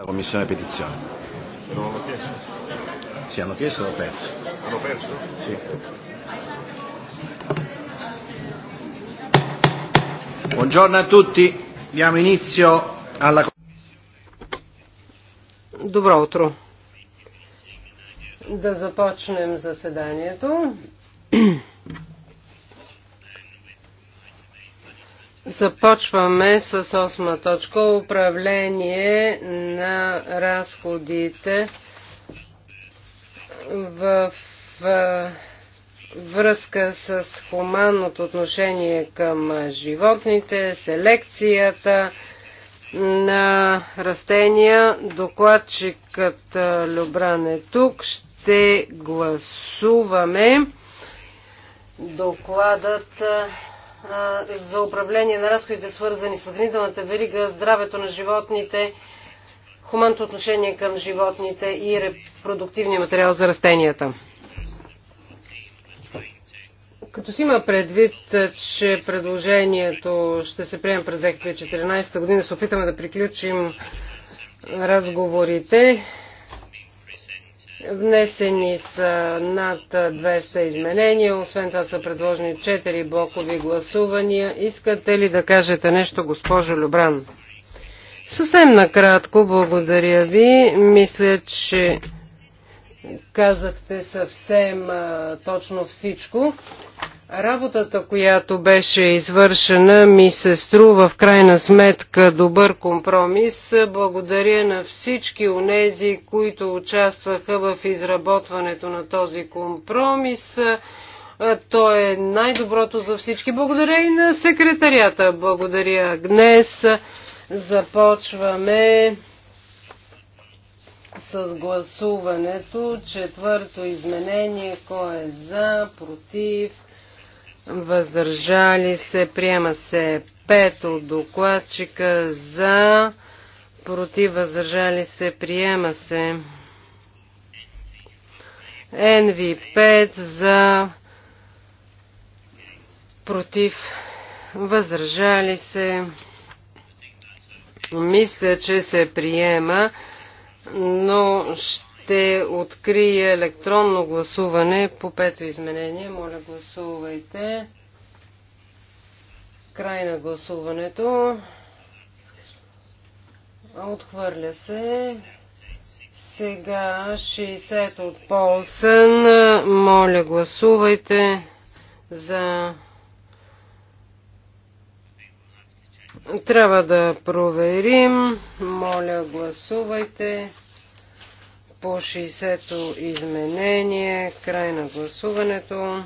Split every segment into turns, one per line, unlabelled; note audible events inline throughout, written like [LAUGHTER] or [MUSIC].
la commissione petizione. Non hanno chiesto? Sì, hanno chiesto e l'ho perso. Hanno perso? Sì. Buongiorno a tutti, diamo inizio alla commissione.
Добро утро. Да започнем заседанието. Започваме с осма точка. Управление на разходите в, в връзка с хуманното отношение към животните, селекцията на растения. Докладчикът Любран е тук. Ще гласуваме докладът за управление на разходите, свързани с хранителната верига, здравето на животните, хуманното отношение към животните и репродуктивния материал за растенията. Като си има предвид, че предложението ще се приеме през 2014 година, се опитаме да приключим разговорите Внесени са над 200 изменения, освен това са предложени 4 блокови гласувания. Искате ли да кажете нещо, госпожо Любран? Съвсем накратко, благодаря ви. Мисля, че казахте съвсем а, точно всичко. Работата, която беше извършена, ми се струва в крайна сметка добър компромис. Благодаря на всички онези, които участваха в изработването на този компромис. То е най-доброто за всички. Благодаря и на секретарията. Благодаря днес. Започваме с гласуването. Четвърто изменение. Кой е за, против? въздържали се, приема се 5 от докладчика за, против, въздържали се, приема се. NV5 за, против, въздържали се. Мисля, че се приема, но ще ще открия електронно гласуване по пето изменение. Моля, гласувайте. Край на гласуването. Отхвърля се. Сега 60 от Полсън. Моля, гласувайте за... Трябва да проверим. Моля, гласувайте по 60-то изменение. Край на гласуването.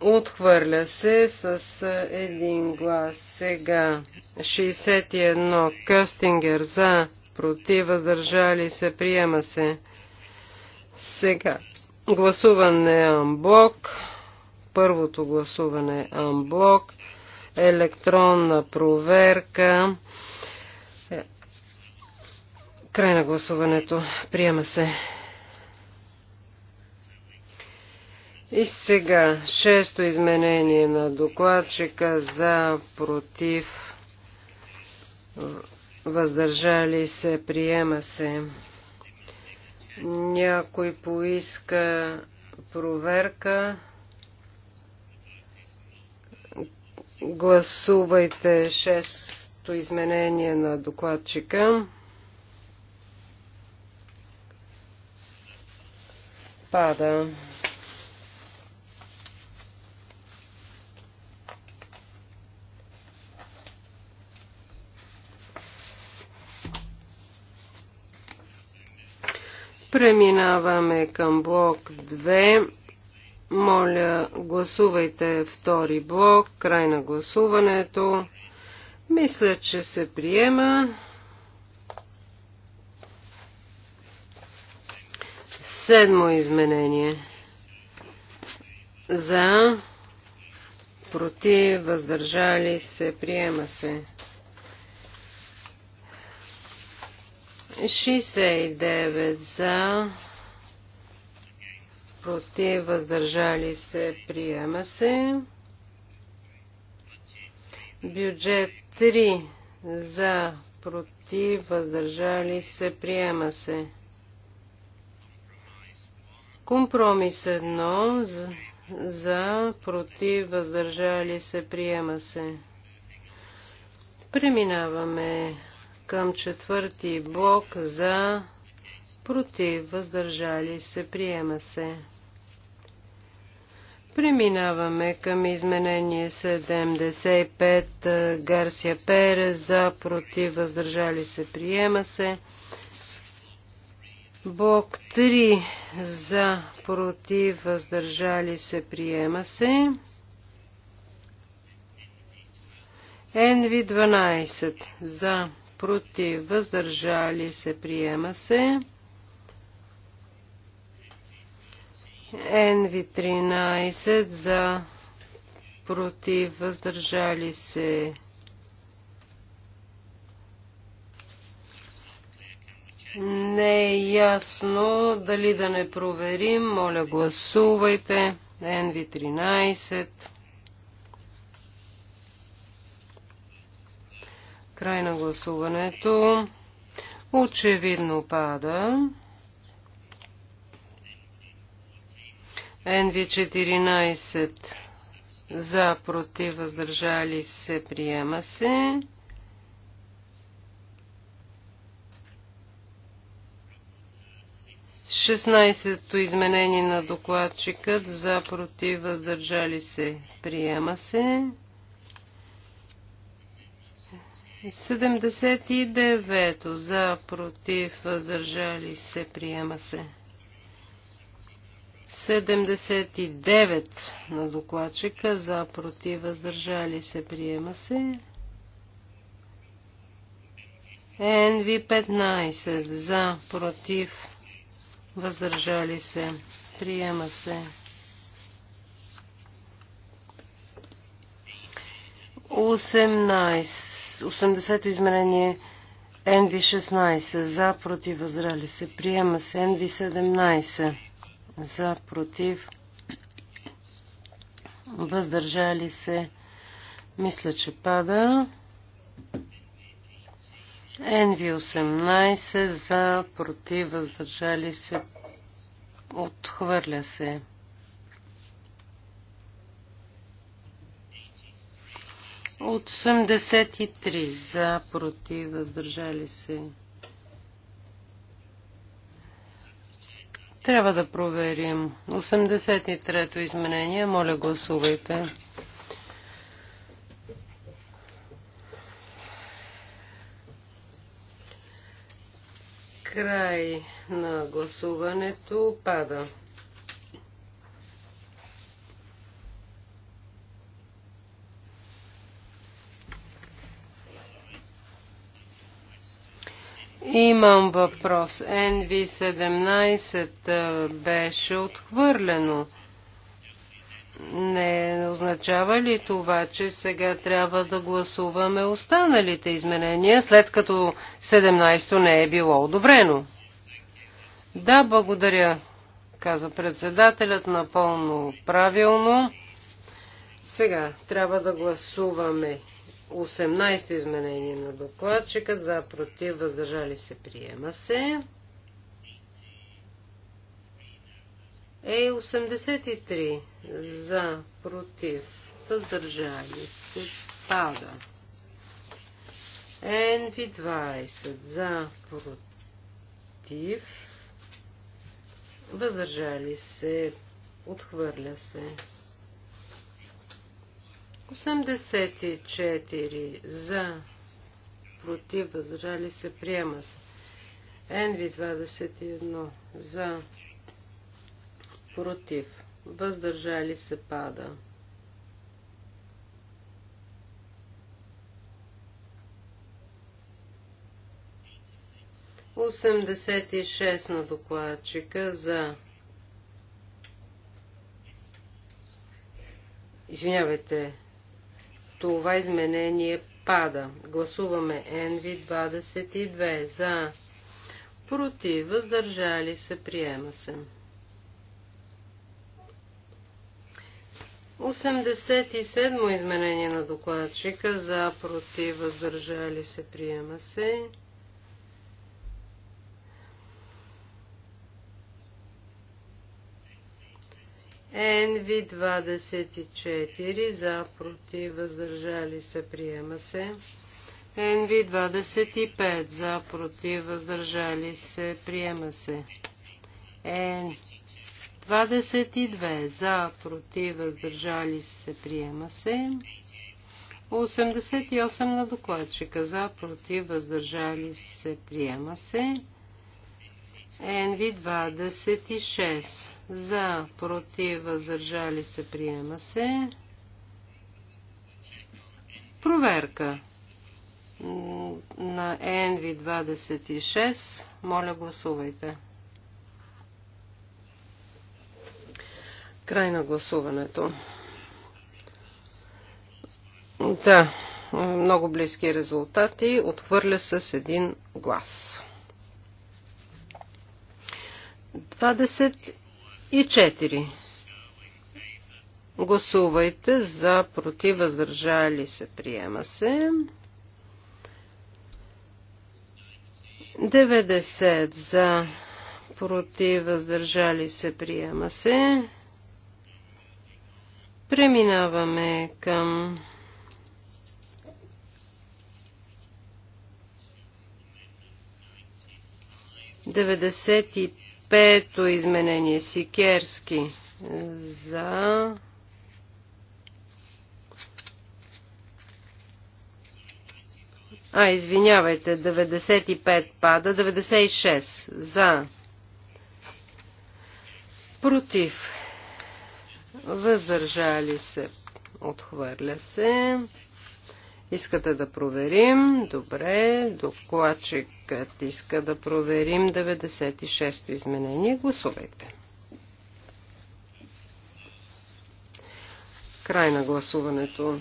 Отхвърля се с един глас. Сега 61 Къстингер за, против, въздържали се, приема се. Сега гласуване Амблок. Първото гласуване Амблок. Електронна проверка. Край на гласуването. Приема се. И сега шесто изменение на докладчика за против въздържали се, приема се. Някой поиска проверка. Гласувайте шесто изменение на докладчика. пада. Преминаваме към блок 2. Моля, гласувайте втори блок, край на гласуването. Мисля, че се приема. Седмо изменение. За, против, въздържали се, приема се. 69 за, против, въздържали се, приема се. Бюджет 3 за, против, въздържали се, приема се. Компромис 1 за, за против, въздържали се, приема се. Преминаваме към четвърти блок за против, въздържали се, приема се. Преминаваме към изменение 75 Гарсия Перес за против въздържали се приема се. Блок 3 за против въздържали се приема се. НВ 12 за против въздържали се приема се. НВ 13 за против въздържали се приема се. Не е ясно дали да не проверим. Моля, гласувайте. NV13. Край на гласуването. Очевидно пада. NV14 за против въздържали се приема се. 16-то изменение на докладчикът за против въздържали се приема се. 79-то за против въздържали се приема се. 79 на докладчика за против въздържали се приема се. НВ 15 за против въздържали се, приема се. Осемнайс, 80 измерение, NV16, за, против, възрали се, приема се, нв 17 за, против, въздържали се, мисля, че пада. NV18 за против въздържали се отхвърля се. 83 за против въздържали се. Трябва да проверим. 83-то изменение. Моля гласувайте. Край на гласуването пада. Имам въпрос. NV17 беше отхвърлено. Не означава ли това, че сега трябва да гласуваме останалите изменения, след като 17-то не е било одобрено? Да, благодаря, каза председателят напълно правилно. Сега трябва да гласуваме 18-то изменение на докладчикът за против въздържали се приема се. Е 83 за, против, въздържали се, пада. NV20 за, против, въздържали се, отхвърля се. 84 за, против, въздържали се, приема се. NV21 за, против, въздържали се пада. Осемдесет и шест на докладчика за Извинявайте, това изменение пада. Гласуваме NV 22 за. Против, въздържали се, приема се. 87-мо изменение на докладчика за против въздържали се приема се. НВ 24 за против въздържали се приема се. НВ 25 за против въздържали се приема се. Н 22 за, против, въздържали се, приема се. 88 на докладчика за, против, въздържали се, приема се. НВ 26 за, против, въздържали се, приема се. Проверка на НВ 26. Моля, гласувайте. Край на гласуването. Да, много близки резултати. Отхвърля се с един глас. 24. Гласувайте за против, въздържали се, приема се. 90 за против, въздържали се, приема се. Преминаваме към Деветдесет и пето изменение Сикерски за А, извинявайте, 95 пада, 96 за против въздържали се, отхвърля се. Искате да проверим? Добре, докладчикът иска да проверим 96-то изменение. Гласувайте. Край на гласуването.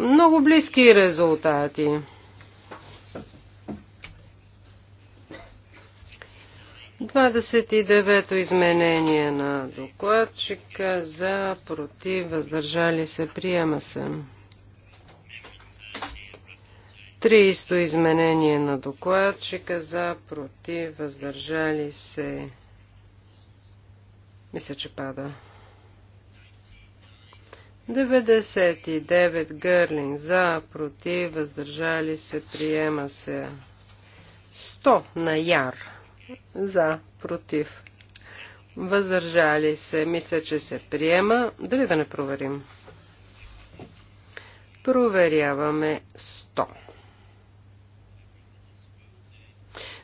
Много близки резултати. 29-то изменение на докладчика за против въздържали се приема се. 30-то изменение на докладчика за против въздържали се. Мисля, че пада. 99 гърлинг за против въздържали се приема се. 100 на яр за, против. Въздържали се. Мисля, че се приема. Дали да не проверим? Проверяваме 100.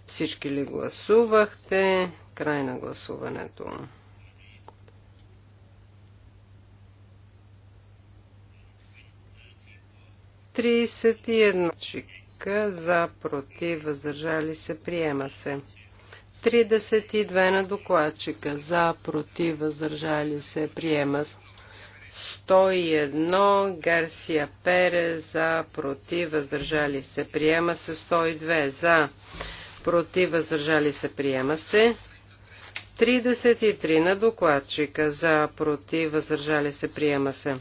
Всички ли гласувахте? Край на гласуването. Тридесет и чика за против, въздържали се, приема се. 32 на докладчика. За, против, въздържали се, приема. 101 Гарсия Пере за, против, въздържали се, приема се. 102 за, против, въздържали се, приема се. 33 на докладчика за, против, въздържали се, приема се.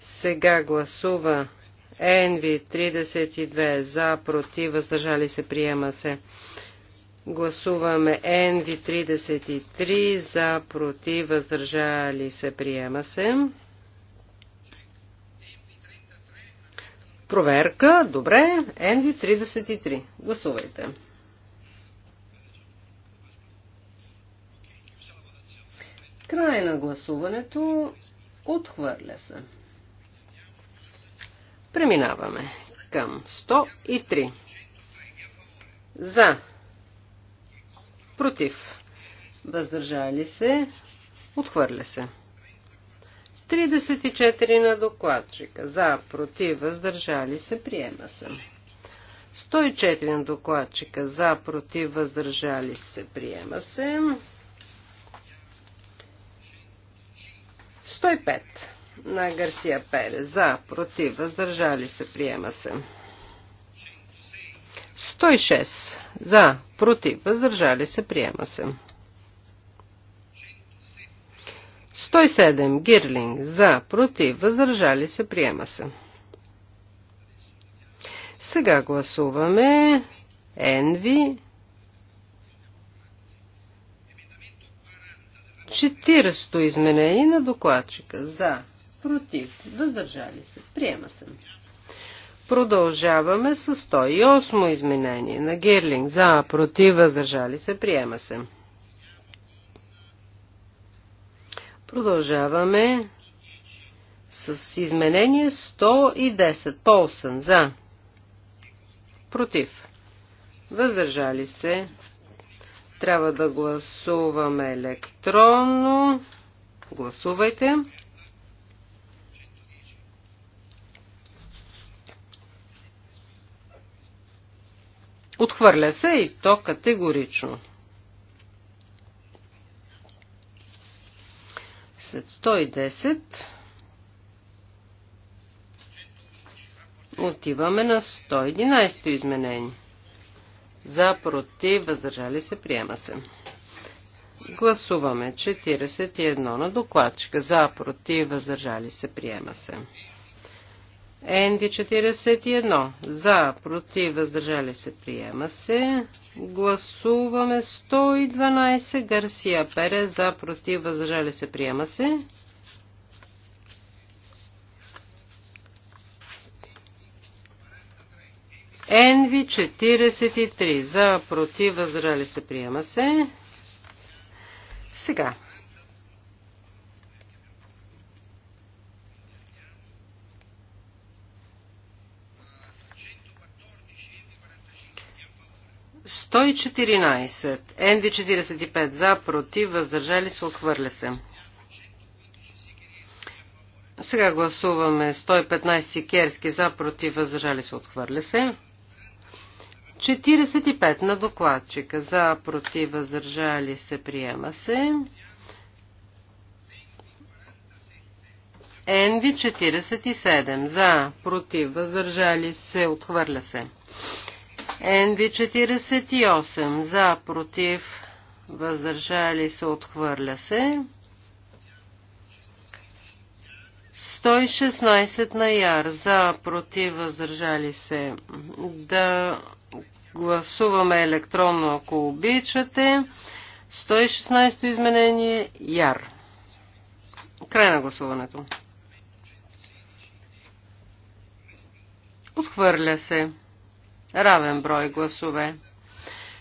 Сега гласува НВ 32 за, против, въздържали се, приема се. Гласуваме NV33 за против, въздържали се, приема се. Проверка, добре, NV33. Гласувайте. Край на гласуването отхвърля се. Преминаваме към 103. За Против. Въздържали се. Отхвърля се. 34 на докладчика. За, против, въздържали се, приема се. 104 на докладчика. За, против, въздържали се, приема се. 105 на Гарсия Пере. За, против, въздържали се, приема се. 106. За. Против. Въздържали се. Приема се. 107. Гирлинг. За. Против. Въздържали се. Приема се. Сега гласуваме Енви. 40 изменение на докладчика. За. Против. Въздържали се. Приема се. Продължаваме с 108 изменение на Гирлинг. За, против, въздържали се, приема се. Продължаваме с изменение 110. Полсън. За. Против. Въздържали се. Трябва да гласуваме електронно. Гласувайте. Гласувайте. Отхвърля се и то категорично. След 110 отиваме на 111 изменение. За, против, въздържали се, приема се. Гласуваме 41 на докладчика. За, против, въздържали се, приема се. Енди 41. За, против, въздържали се, приема се. Гласуваме 112. Гарсия Пере. За, против, въздържали се, приема се. Енви 43. За, против, въздържали се, приема се. Сега 114. НВ 45 за, против, въздържали се, отхвърля се. Сега гласуваме 115 керски за, против, въздържали се, отхвърля се. 45 на докладчика за, против, въздържали се, приема се. НВ 47 за, против, въздържали се, отхвърля се. NV48 за, против, въздържали се, отхвърля се. 116 на яр за, против, въздържали се. Да гласуваме електронно, ако обичате. 116 изменение яр. Край на гласуването. Отхвърля се. Равен брой гласове.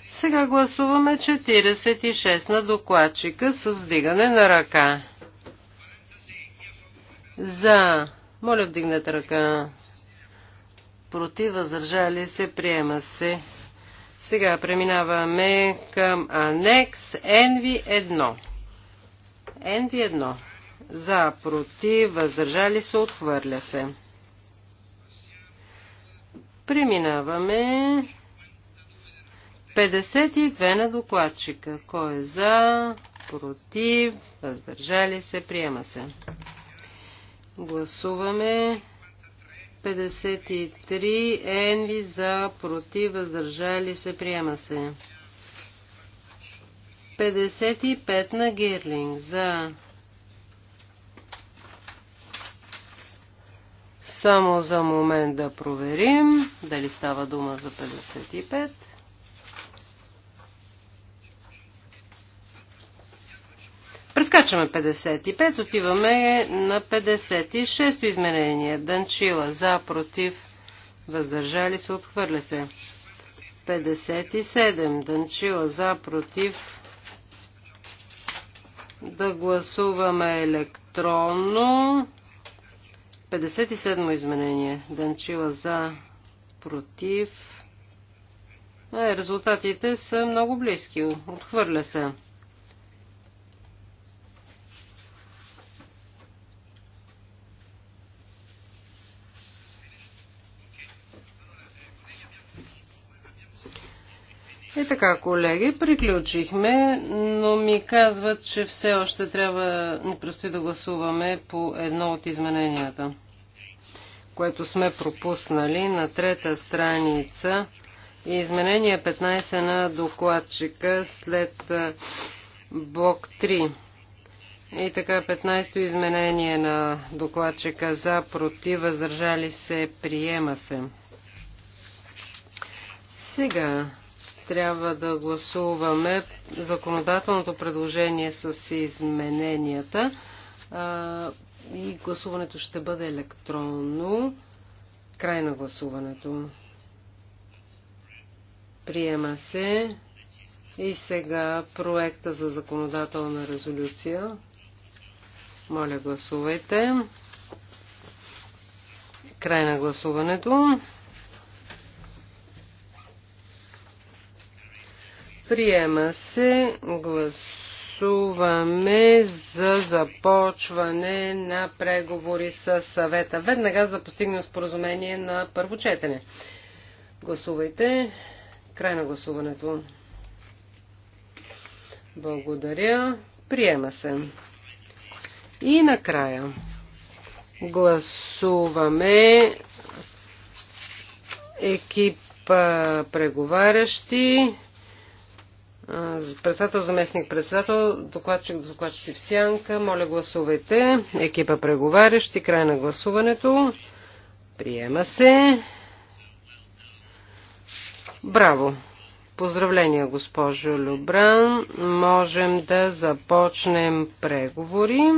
Сега гласуваме 46 на докладчика с вдигане на ръка. За. Моля, вдигнете ръка. Против, въздържали се, приема се. Сега преминаваме към анекс NV1. NV1. За, против, въздържали се, отхвърля се. Преминаваме 52 на докладчика. Кой е за, против, въздържали се, приема се. Гласуваме 53 енви за, против, въздържали се, приема се. 55 на Гирлинг за, Само за момент да проверим дали става дума за 55. Прескачаме 55, отиваме на 56-то измерение. Данчила за, против, въздържали се, отхвърля се. 57. Данчила за, против. Да гласуваме електронно. 57 изменение. Данчила за, против. Е, резултатите са много близки. Отхвърля се. така, колеги, приключихме, но ми казват, че все още трябва, ни предстои да гласуваме по едно от измененията, което сме пропуснали на трета страница. И изменение 15 на докладчика след блок 3. И така, 15-то изменение на докладчика за против, въздържали се, приема се. Сега трябва да гласуваме законодателното предложение с измененията и гласуването ще бъде електронно. Край на гласуването. Приема се. И сега проекта за законодателна резолюция. Моля, гласувайте. Край на гласуването. Приема се. Гласуваме за започване на преговори с съвета. Веднага за постигнем споразумение на първо четене. Гласувайте. Край на гласуването. Благодаря. Приема се. И накрая гласуваме екип преговарящи. Председател, заместник председател, докладчик, докладчик в сянка. Моля гласувайте. Екипа преговарящи. Край на гласуването. Приема се. Браво! Поздравления, госпожо Любран. Можем да започнем преговори.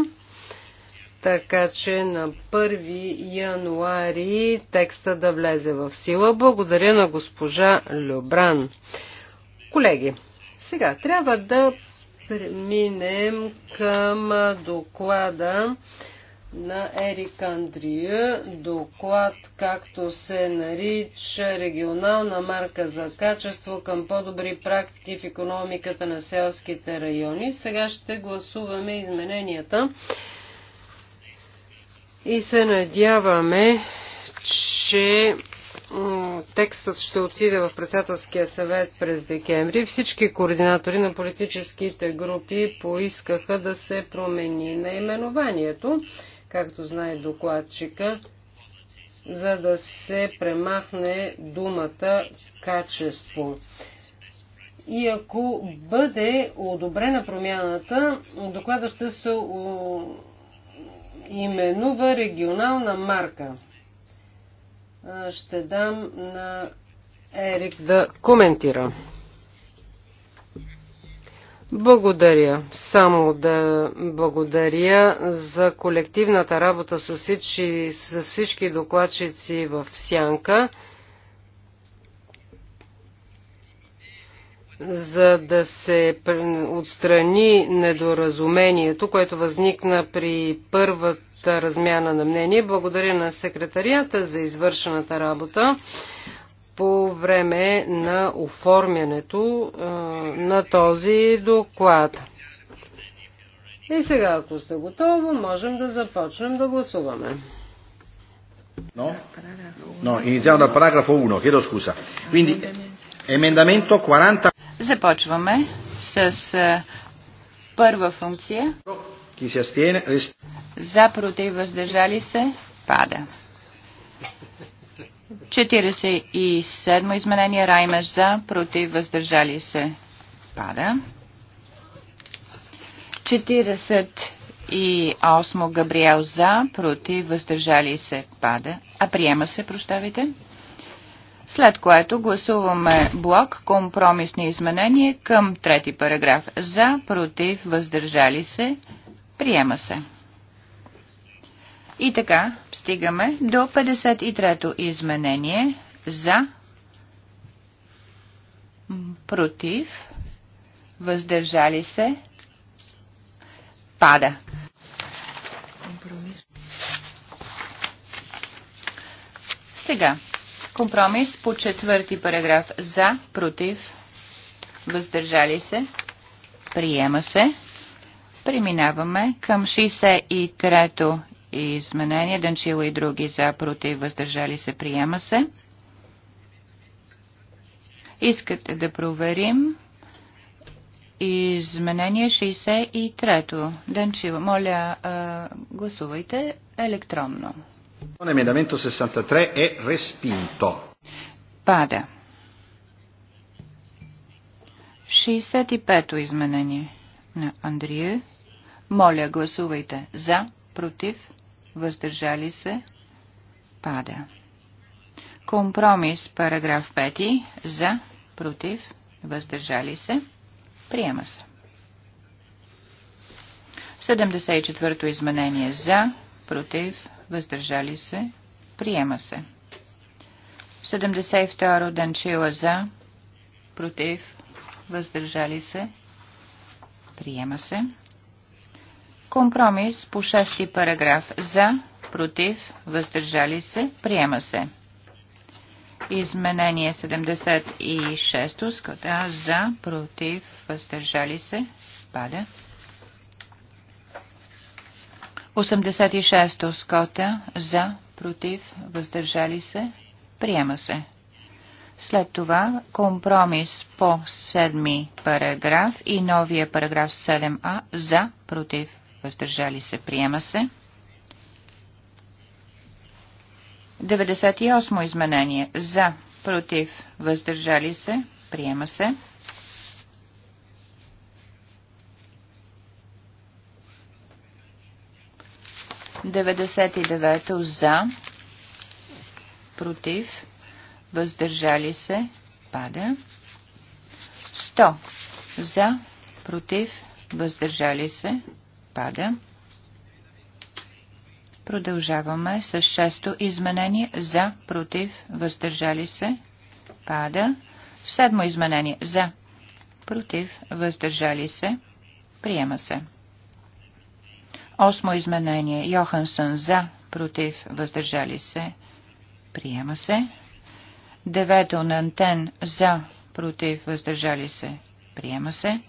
Така че на 1 януари текста да влезе в сила. Благодаря на госпожа Любран. Колеги, сега трябва да преминем към доклада на Ерик Андрия, доклад, както се нарича регионална марка за качество към по-добри практики в економиката на селските райони. Сега ще гласуваме измененията и се надяваме, че текстът ще отиде в председателския съвет през декември. Всички координатори на политическите групи поискаха да се промени наименованието, както знае докладчика, за да се премахне думата качество. И ако бъде одобрена промяната, докладът ще се именува регионална марка. Ще дам на Ерик да коментира. Благодаря. Само да благодаря за колективната работа с всички, с всички докладчици в Сянка. за да се отстрани недоразумението, което възникна при първата размяна на мнение. Благодаря на секретарията за извършената работа по време на оформянето на този доклад. И сега, ако сте готови, можем да започнем да гласуваме.
No? No, iniziamo dal paragrafo 1, chiedo scusa. Quindi, emendamento 40.
Започваме с първа функция. За против въздържали се пада. 47 изменение райме за против въздържали се пада. 48 Габриел за против въздържали се пада. А приема се, прощавайте. След което гласуваме блок компромисни изменения към трети параграф. За, против, въздържали се, приема се. И така, стигаме до 53-то изменение. За, против, въздържали се, пада. Сега, Компромис по четвърти параграф. За, против, въздържали се, приема се. Преминаваме към 63-то изменение. Данчила и други за, против, въздържали се, приема се. Искате да проверим изменение 63-то. Данчила, моля, гласувайте електронно.
63 è respinto.
Пада. 65-то изменение на Андрие. Моля, гласувайте за, против, въздържали се, пада. Компромис, параграф 5, за, против, въздържали се, приема се. 74-то изменение за, против, въздържали се, приема се. 72. Данчила за, против, въздържали се, приема се. Компромис по 6 параграф за, против, въздържали се, приема се. Изменение 76 за, против, въздържали се, пада. 86 Скота за, против, въздържали се, приема се. След това компромис по седми параграф и новия параграф 7а за, против, въздържали се, приема се. 98 изменение за, против, въздържали се, приема се. 99 за, против, въздържали се, пада. 100 за, против, въздържали се, пада. Продължаваме с шесто изменение за, против, въздържали се, пада. Седмо изменение за, против, въздържали се, приема се. Осмо изменение. Йохансън за, против, въздържали се. Приема се. Девето на Антен за, против, въздържали се. Приема се.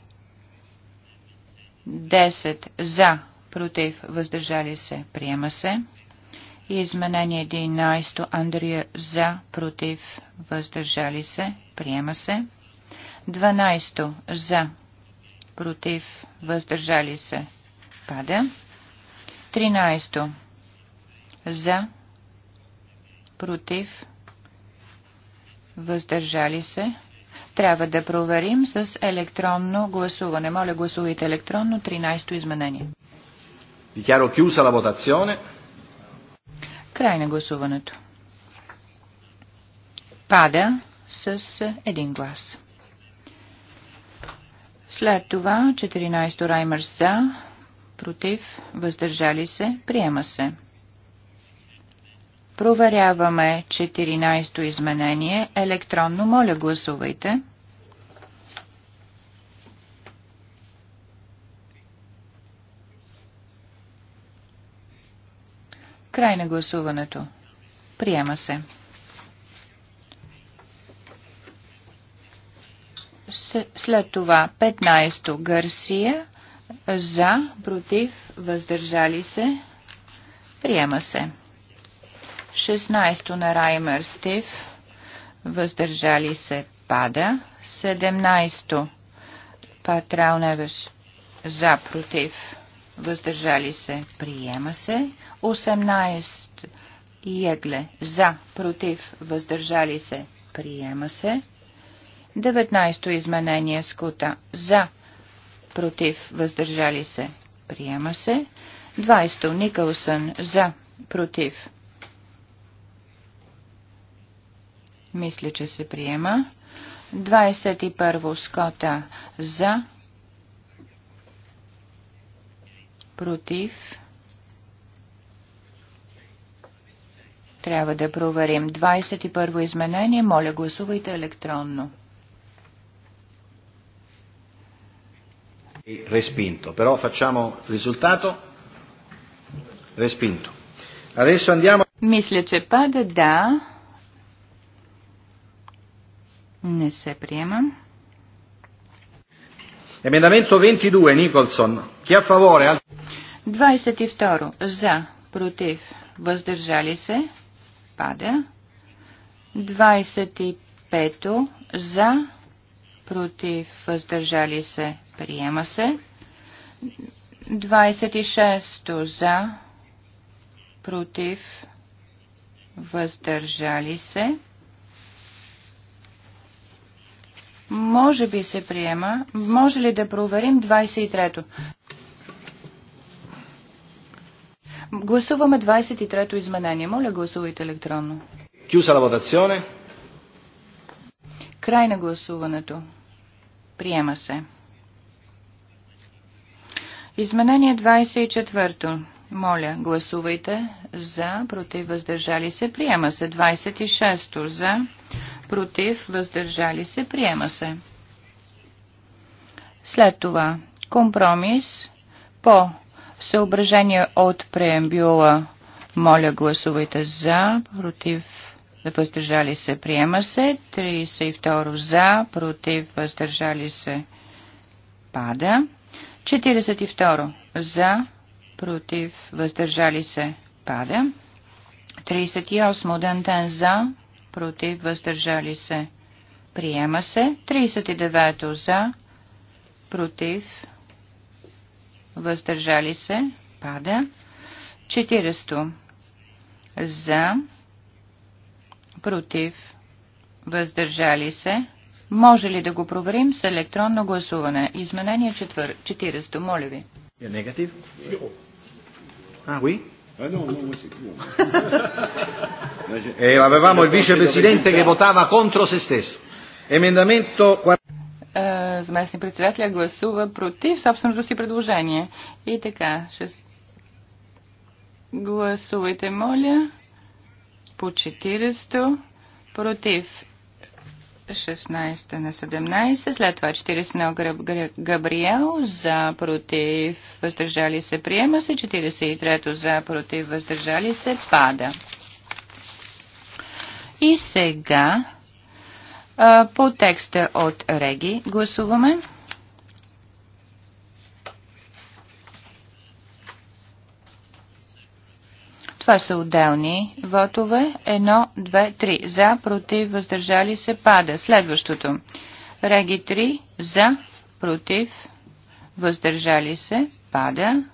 10 за, против, въздържали се. Приема се. И изменение 11 Андрия за, против, въздържали се. Приема се. 12 за, против, въздържали се. Пада. 13. За. Против. Въздържали се. Трябва да проверим с електронно гласуване. Моля, гласувайте електронно 13 изменение.
Dichiaro кюса ла votazione.
Край на гласуването. Пада с един глас. След това 14 Раймърс за, против, въздържали се, приема се. Проверяваме 14-то изменение. Електронно, моля, гласувайте. Край на гласуването. Приема се. След това 15-то Гарсия за, против, въздържали се. Приема се. 16 на Раймер Стив. Въздържали се. Пада. 17 Патрал Невеш. За, против, въздържали се. Приема се. 18 Егле. За, против, въздържали се. Приема се. 19 изменение скута. За, против, въздържали се, приема се. 20. Никълсън за, против. Мисля, че се приема. 21. Скота за, против. Трябва да проверим. 21 изменение. Моля, гласувайте електронно.
Respinto, però facciamo il risultato. Respinto. Adesso
andiamo. Мисля, че пада, да. Не се приема.
Emendamento 22, Nicholson. Chi a favore?
22. za, против, въздържали се. Пада. 25. За, против, въздържали се. Приема се. 26 за, против, въздържали се. Може би се приема. Може ли да проверим 23-то? Гласуваме 23-то изменение. Моля, гласувайте електронно.
Кюса на
Край на гласуването. Приема се. Изменение 24. Моля, гласувайте за, против, въздържали се, приема се. 26. За, против, въздържали се, приема се. След това компромис по съображение от преембюла. Моля, гласувайте за, против, въздържали се, приема се. 32 за, против, въздържали се, пада. 42. За, против, въздържали се, пада. 38. Дантен за, против, въздържали се, приема се. 39. За, против, въздържали се, пада. 40. За, против, въздържали се, може ли да го проверим с електронно гласуване? Изменение 4, 40, моля ви. Е негатив? А, уи?
Е, авевамо и више президенте, e avevamo контро се стес. Емендаменто...
Е, Заместни председателя гласува против собственото си предложение. И така, ще гласувайте, моля, по 40 против 16 на 17, след това 40 на Габриел, за против въздържали се приема се, 43 за против въздържали се пада. И сега по текста от Реги гласуваме. Това са отделни вотове. Едно, две, три. За, против, въздържали се, пада. Следващото. Реги 3. За, против, въздържали се, пада.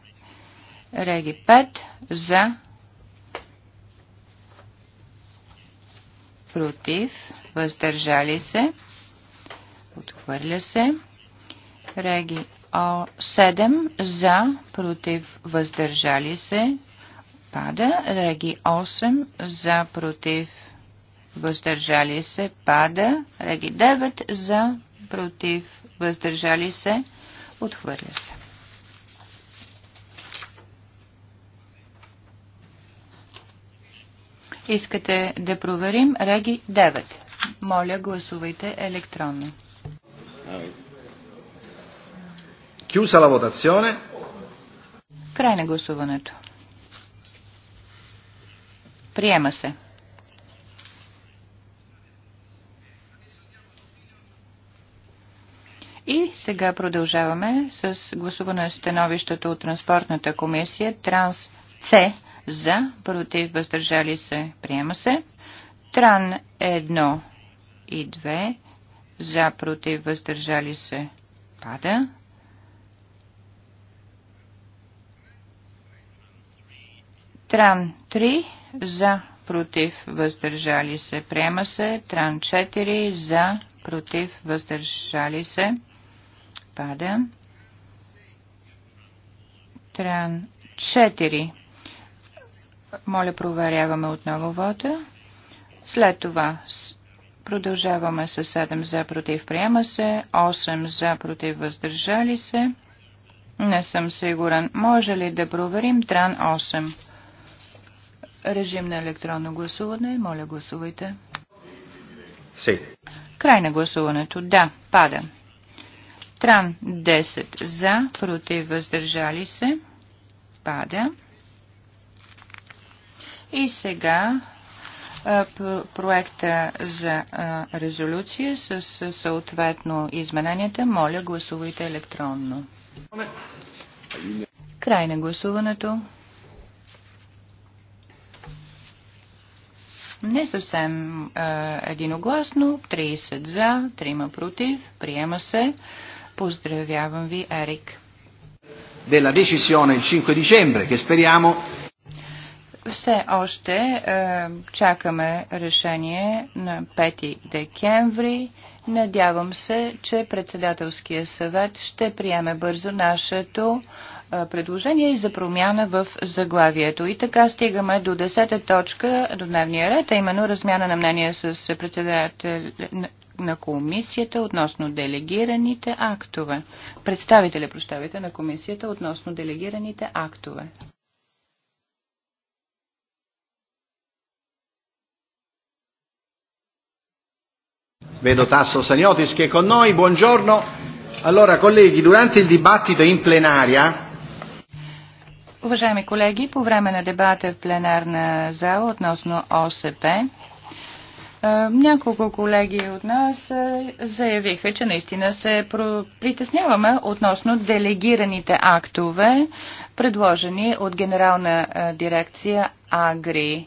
Реги 5. За, против, въздържали се, отхвърля се. Реги 7. За, против, въздържали се, пада. Реги 8 за против. Въздържали се пада. Реги 9 за против. Въздържали се. Отхвърля се. Искате да проверим Реги 9. Моля, гласувайте електронно. Chiusa la votazione. Край на гласуването. Приема се. И сега продължаваме с гласуване на становището от Транспортната комисия Транс С за, против, въздържали се, приема се. Тран 1 и 2 за, против, въздържали се, пада. Тран 3 за, против, въздържали се, приема се. Тран 4 за, против, въздържали се, пада. Тран 4. Моля, проверяваме отново вода. След това продължаваме с 7 за против приема се, 8 за против въздържали се. Не съм сигурен. Може ли да проверим Тран 8? Режим на електронно гласуване. Моля, гласувайте. Си. Край на гласуването. Да, пада. Тран 10 за, против въздържали се. Пада. И сега проекта за резолюция с съответно измененията. Моля, гласувайте електронно. Край на гласуването. Не съвсем е, единогласно. 30 за, 3 против. Приема се. Поздравявам ви, Ерик.
Della decisione il 5 dicembre, che speriamo
все още е, чакаме решение на 5 декември. Надявам се, че председателския съвет ще приеме бързо нашето предложение и за промяна в заглавието. И така стигаме до 10-та точка до дневния ред, а именно размяна на мнение с председател на комисията относно делегираните актове. Представители, прощавайте, на комисията относно делегираните актове.
Vedo Tasso Saniotis che è con noi. Buongiorno. Allora, colleghi, durante il dibattito in plenaria
Уважаеми колеги, по време на дебата в пленарна зала относно ОСП, е, няколко колеги от нас е, заявиха, че наистина се притесняваме относно делегираните актове, предложени от Генерална е, дирекция Агри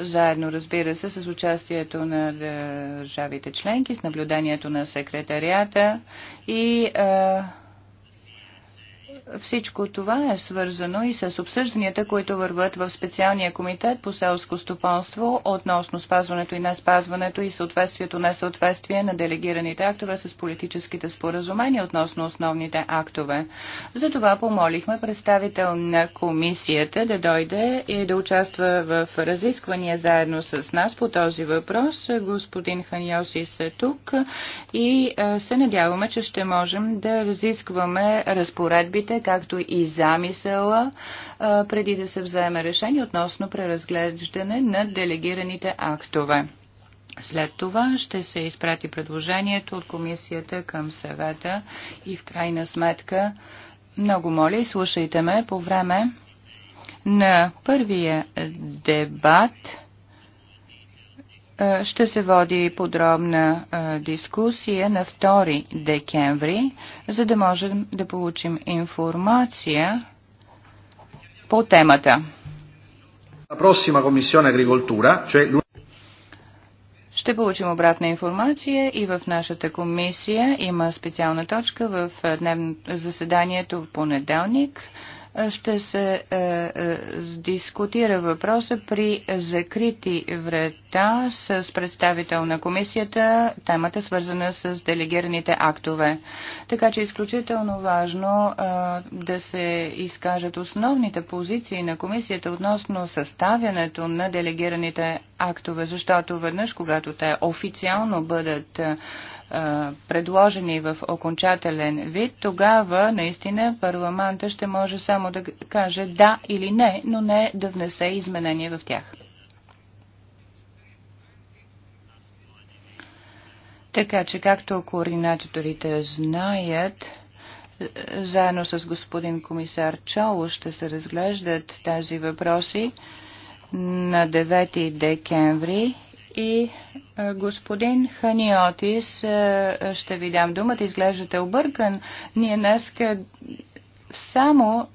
заедно, разбира се, с участието на държавите членки, с наблюдението на секретарията и всичко това е свързано и с обсъжданията, които върват в специалния комитет по селско стопанство относно спазването и неспазването и съответствието на съответствие на делегираните актове с политическите споразумения относно основните актове. Затова помолихме представител на комисията да дойде и да участва в разисквания заедно с нас по този въпрос. Господин Ханьосис е тук и се надяваме, че ще можем да разискваме разпоредбите както и замисъла, преди да се вземе решение относно преразглеждане на делегираните актове. След това ще се изпрати предложението от комисията към съвета и в крайна сметка много моля и слушайте ме по време на първия дебат е, ще се води подробна е, дискусия на 2 декември, за да можем да получим информация по темата. Ще получим обратна информация и в нашата комисия има специална точка в е, заседанието в понеделник ще се е, е, дискутира въпроса при закрити врата с представител на комисията, темата свързана с делегираните актове. Така че е изключително важно е, да се изкажат основните позиции на комисията относно съставянето на делегираните актове, защото веднъж, когато те официално бъдат е, предложени в окончателен вид, тогава наистина парламента ще може само да каже да или не, но не да внесе изменения в тях. Така че, както координаторите знаят, заедно с господин комисар Чоло ще се разглеждат тези въпроси на 9 декември и е, господин Ханиотис. Е, ще ви дам думата. Изглеждате объркан. Ние днеска, само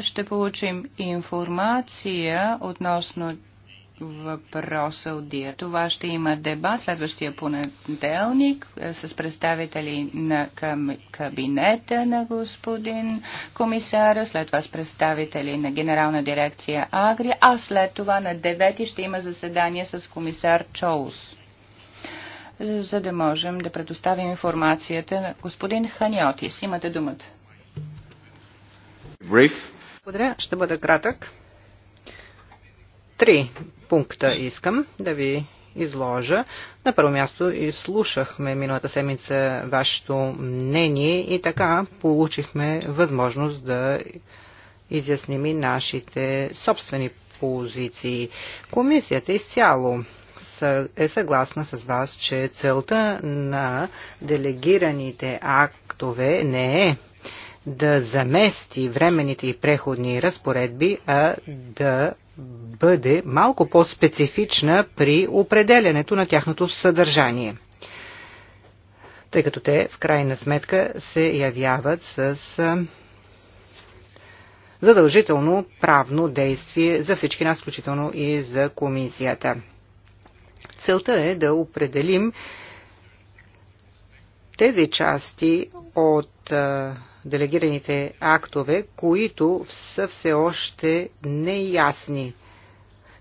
ще получим информация относно въпроса от ДИА. Това ще има дебат следващия понеделник е, с представители на кабинета на господин комисара, след това с представители на генерална дирекция Агри, а след това на 9 ще има заседание с комисар Чоус за да можем да предоставим информацията на господин Ханиотис. Имате думата. Brief.
Благодаря. Ще бъда кратък. Три пункта искам да ви изложа. На първо място изслушахме миналата седмица вашето мнение и така получихме възможност да изясним и нашите собствени позиции. Комисията изцяло е съгласна с вас, че целта на делегираните актове не е да замести времените и преходни разпоредби, а да бъде малко по-специфична при определенето на тяхното съдържание тъй като те в крайна сметка се явяват с задължително правно действие за всички нас, включително и за комисията. Целта е да определим тези части от делегираните актове, които са все още неясни.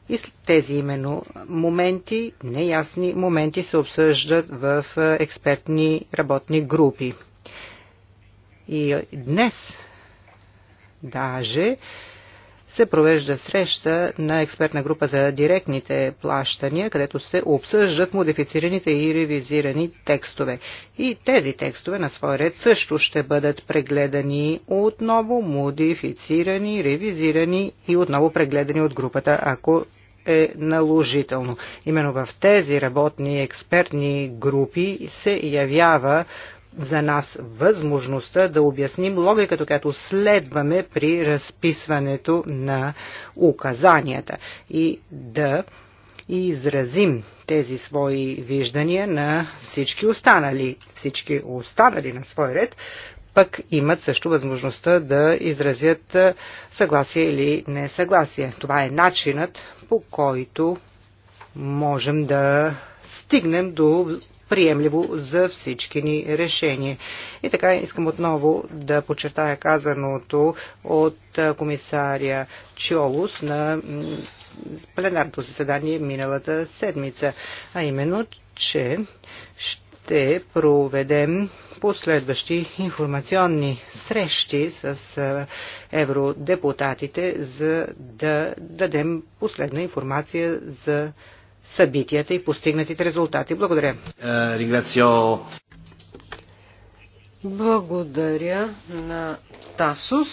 И тези именно моменти, неясни моменти се обсъждат в е, експертни работни групи. И днес даже се провежда среща на експертна група за директните плащания, където се обсъждат модифицираните и ревизирани текстове. И тези текстове на свой ред също ще бъдат прегледани отново, модифицирани, ревизирани и отново прегледани от групата, ако е наложително. Именно в тези работни експертни групи се явява за нас възможността да обясним логиката, която следваме при разписването на указанията и да изразим тези свои виждания на всички останали. Всички останали на свой ред пък имат също възможността да изразят съгласие или несъгласие. Това е начинът по който можем да стигнем до приемливо за всички ни решение. И така искам отново да подчертая казаното от комисаря Чолус на пленарното заседание миналата седмица, а именно, че ще проведем последващи информационни срещи с евродепутатите, за да дадем последна информация за събитията и постигнатите резултати. Благодаря.
Е,
Благодаря на Тасус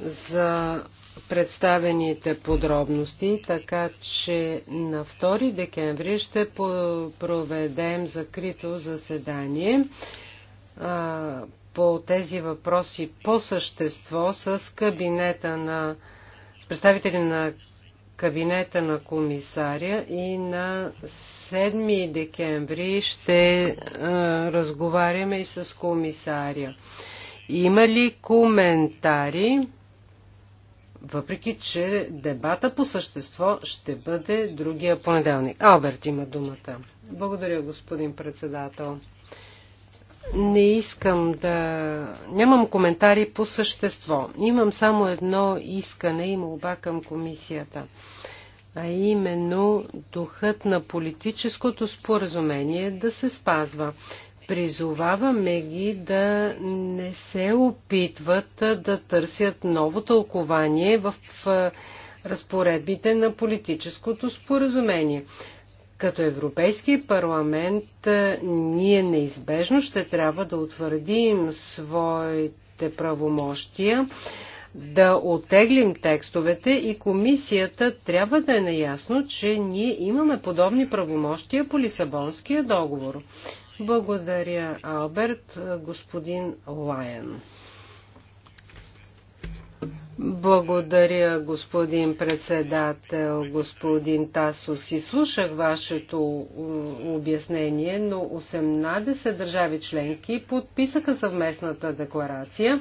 за представените подробности, така че на 2 декември ще проведем закрито заседание по тези въпроси по същество с кабинета на представители на кабинета на комисаря и на 7 декември ще е, разговаряме и с комисаря. Има ли коментари? Въпреки, че дебата по същество ще бъде другия понеделник. Алберт има думата. Благодаря, господин председател. Не искам да... Нямам коментари по същество. Имам само едно искане и молба към комисията. А именно духът на политическото споразумение да се спазва. Призоваваме ги да не се опитват да търсят ново тълкование в разпоредбите на политическото споразумение. Като Европейски парламент е, ние неизбежно ще трябва да утвърдим своите правомощия, да отеглим текстовете и комисията трябва да е наясно, че ние имаме подобни правомощия по Лисабонския договор. Благодаря, Алберт, господин Лайен. Благодаря, господин председател, господин Тасос. И слушах вашето обяснение, но 18 държави членки подписаха съвместната декларация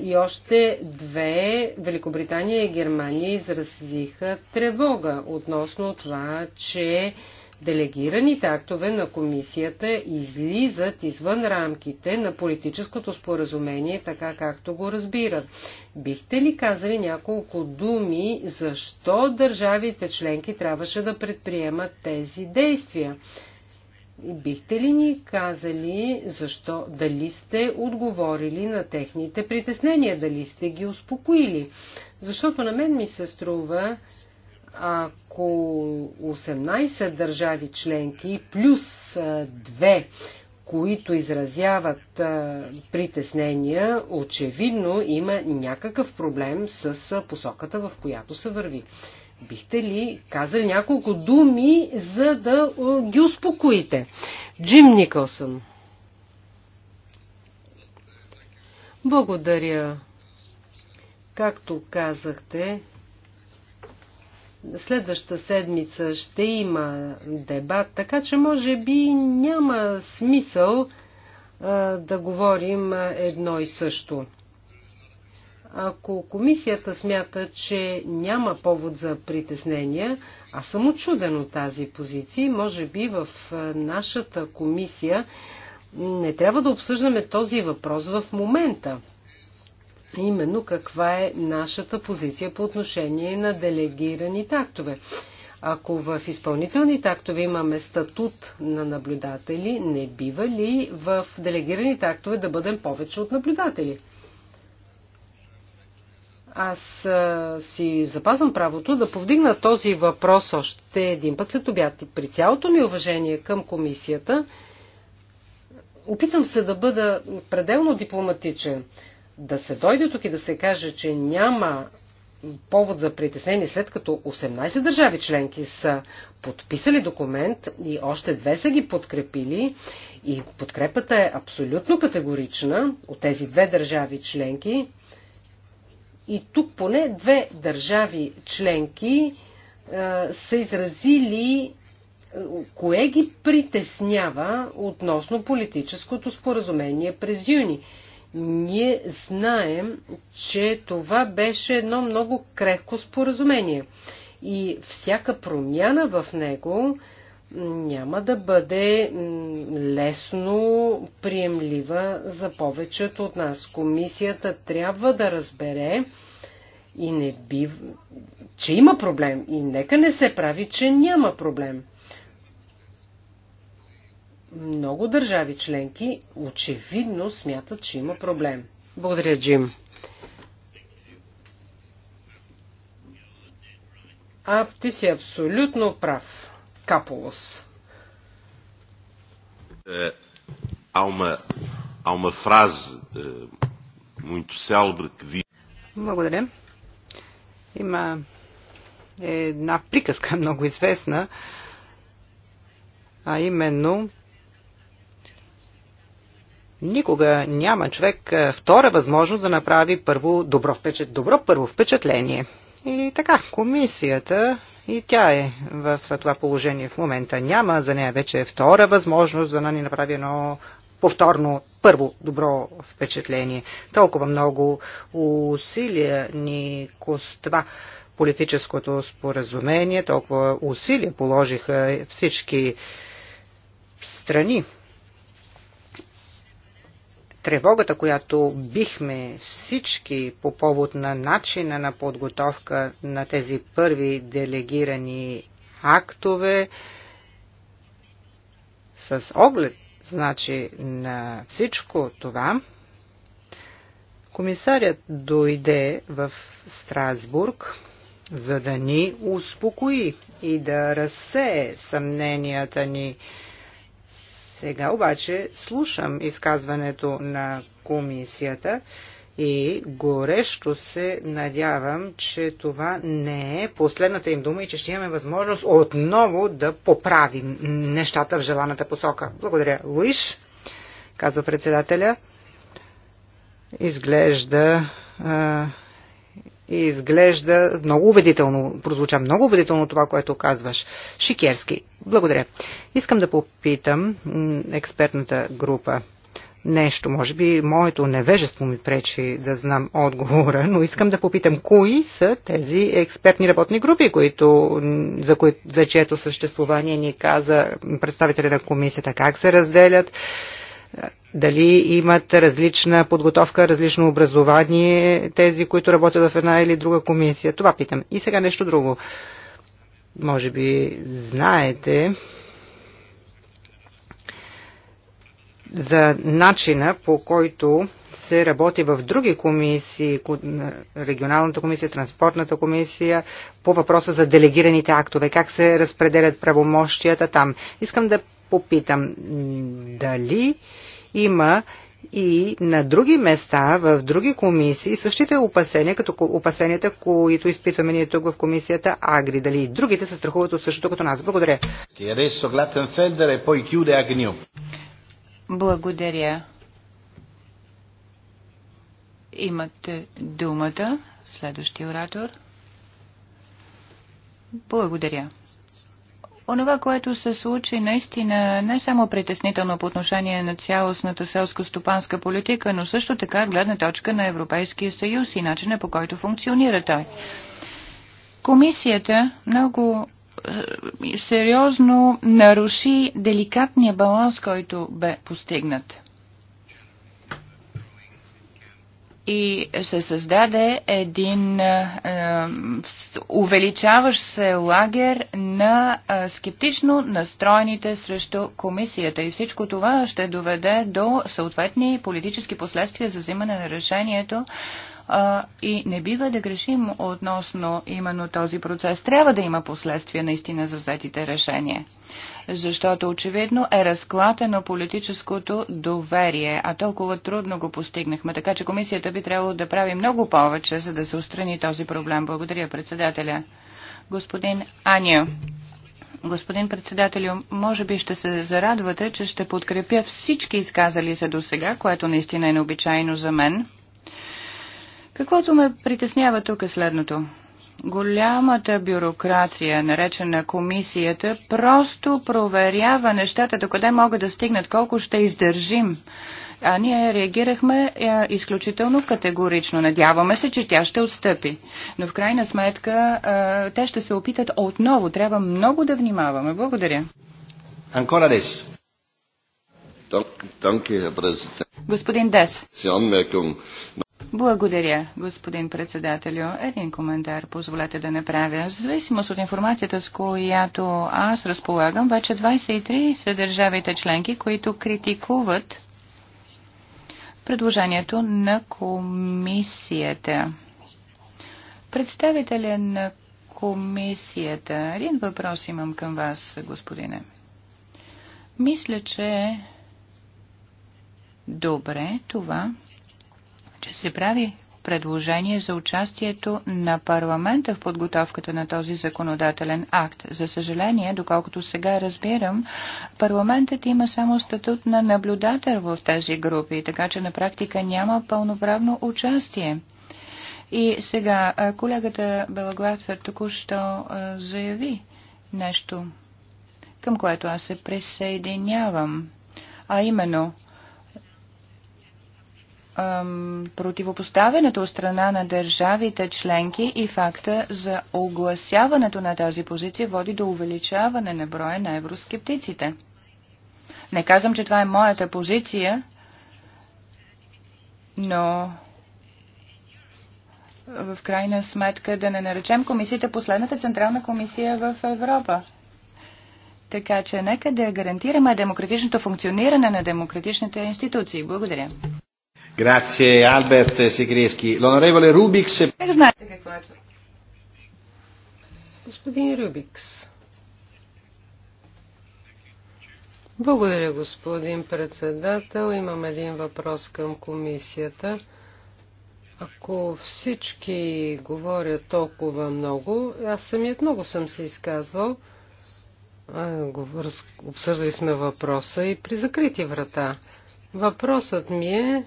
и още две, Великобритания и Германия, изразиха тревога относно това, че Делегираните актове на комисията излизат извън рамките на политическото споразумение, така както го разбират. Бихте ли казали няколко думи, защо държавите членки трябваше да предприемат тези действия? Бихте ли ни казали защо, дали сте отговорили на техните притеснения, дали сте ги успокоили? Защото на мен ми се струва, ако 18 държави членки плюс 2, които изразяват притеснения, очевидно има някакъв проблем с посоката, в която се върви. Бихте ли казали няколко думи, за да ги успокоите? Джим Никълсън. Благодаря. Както казахте, Следваща седмица ще има дебат, така че може би няма смисъл а, да говорим едно и също. Ако комисията смята, че няма повод за притеснения, аз съм очуден от тази позиция. Може би в нашата комисия не трябва да обсъждаме този въпрос в момента именно каква е нашата позиция по отношение на делегираните тактове? Ако в изпълнителните тактове имаме статут на наблюдатели, не бива ли в делегираните тактове да бъдем повече от наблюдатели? Аз а, си запазвам правото да повдигна този въпрос още един път след обяд. при цялото ми уважение към комисията, опитвам се да бъда пределно дипломатичен да се дойде тук и да се каже, че няма повод за притеснение, след като 18 държави членки са подписали документ и още две са ги подкрепили и подкрепата е абсолютно категорична от тези две държави членки. И тук поне две държави членки е, са изразили е, кое ги притеснява относно политическото споразумение през юни. Ние знаем, че това беше едно много крехко споразумение и всяка промяна в него няма да бъде лесно приемлива за повечето от нас. Комисията трябва да разбере и не бив, че има проблем и нека не се прави, че няма проблем много държави членки очевидно смятат, че има проблем. Благодаря, Джим. А, ти си абсолютно прав, Каполос. Uh, е, há, uma, há uma frase е, muito célebre que diz...
Благодаря. Има една приказка [LAUGHS] много известна, а именно Никога няма човек втора възможност да направи първо добро, впечат... добро първо впечатление. И така, комисията и тя е в това положение в момента. Няма за нея вече втора възможност да ни направи едно повторно първо добро впечатление. Толкова много усилия ни коства политическото споразумение, толкова усилия положиха всички страни тревогата, която бихме всички по повод на начина на подготовка на тези първи делегирани актове, с оглед, значи, на всичко това, комисарят дойде в Страсбург, за да ни успокои и да разсее съмненията ни сега обаче слушам изказването на комисията и горещо се надявам, че това не е последната им дума и че ще имаме възможност отново да поправим нещата в желаната посока. Благодаря. Луиш, казва председателя, изглежда а, изглежда много убедително, прозвуча много убедително това, което казваш. Шикерски. Благодаря. Искам да попитам експертната група нещо. Може би моето невежество ми пречи да знам [LAUGHS] отговора, но искам да попитам, кои са тези експертни работни групи, които, за, кои, за чието съществуване ни каза представители на комисията, как се разделят, дали имат различна подготовка, различно образование тези, които работят в една или друга комисия. Това питам. И сега нещо друго. Може би знаете за начина по който се работи в други комисии, регионалната комисия, транспортната комисия, по въпроса за делегираните актове, как се разпределят правомощията там. Искам да попитам, дали има и на други места, в други комисии, същите опасения, като опасенията, които изпитваме ние тук в комисията Агри. Дали и другите
се страхуват от същото като
нас. Благодаря.
E
Благодаря. Имате думата, следващия оратор. Благодаря. Онова, което се случи наистина не само притеснително по отношение на цялостната селско-стопанска политика, но също така гледна точка на Европейския съюз и начина по който функционира той. Комисията много е, сериозно наруши деликатния баланс, който бе постигнат. и се създаде един е, е увеличаващ се лагер на е, скептично настроените срещу комисията. И всичко това ще доведе до съответни политически последствия за взимане на решението а, и не бива да грешим относно именно този процес. Трябва да има последствия наистина за взетите решения, защото очевидно е разклатено политическото доверие, а толкова трудно го постигнахме, така че комисията би трябвало да прави много повече, за да се устрани този проблем. Благодаря, председателя. Господин Аня. Господин председателю, може би ще се зарадвате, че ще подкрепя всички изказали се до сега, което наистина е необичайно за мен. Каквото ме притеснява тук е следното. Голямата бюрокрация, наречена комисията, просто проверява нещата, докъде могат да стигнат, колко ще издържим. А ние реагирахме е, изключително категорично. Надяваме се, че тя ще отстъпи. Но в крайна сметка е, те ще се опитат отново. Трябва много да внимаваме. Благодаря.
Анкора дес.
Е,
Господин Дес. Благодаря, господин председателю. Един коментар позволете да направя. В зависимост от информацията, с която аз разполагам, вече 23 са държавите членки, които критикуват предложението на комисията. Представителя на комисията. Един въпрос имам към вас, господине. Мисля, че добре това че се прави предложение за участието на парламента в подготовката на този законодателен акт. За съжаление, доколкото сега разбирам, парламентът има само статут на наблюдател в тези групи, така че на практика няма пълноправно участие. И сега колегата Белагладфер току-що заяви нещо, към което аз се присъединявам, а именно – противопоставянето от страна на държавите членки и факта за огласяването на тази позиция води до увеличаване на броя на евроскептиците. Не казвам, че това е моята позиция, но в крайна сметка да не наречем комисията последната централна комисия в Европа. Така че нека да гарантираме демократичното функциониране на демократичните институции. Благодаря.
Grazie Albert Секрески. L'onorevole
e- знаете какво е това? Господин Рубикс.
Благодаря, господин председател. Имам един въпрос към комисията. Ако всички говорят толкова много, аз самият много съм се изказвал, обсъждали сме въпроса и при закрити врата. Въпросът ми е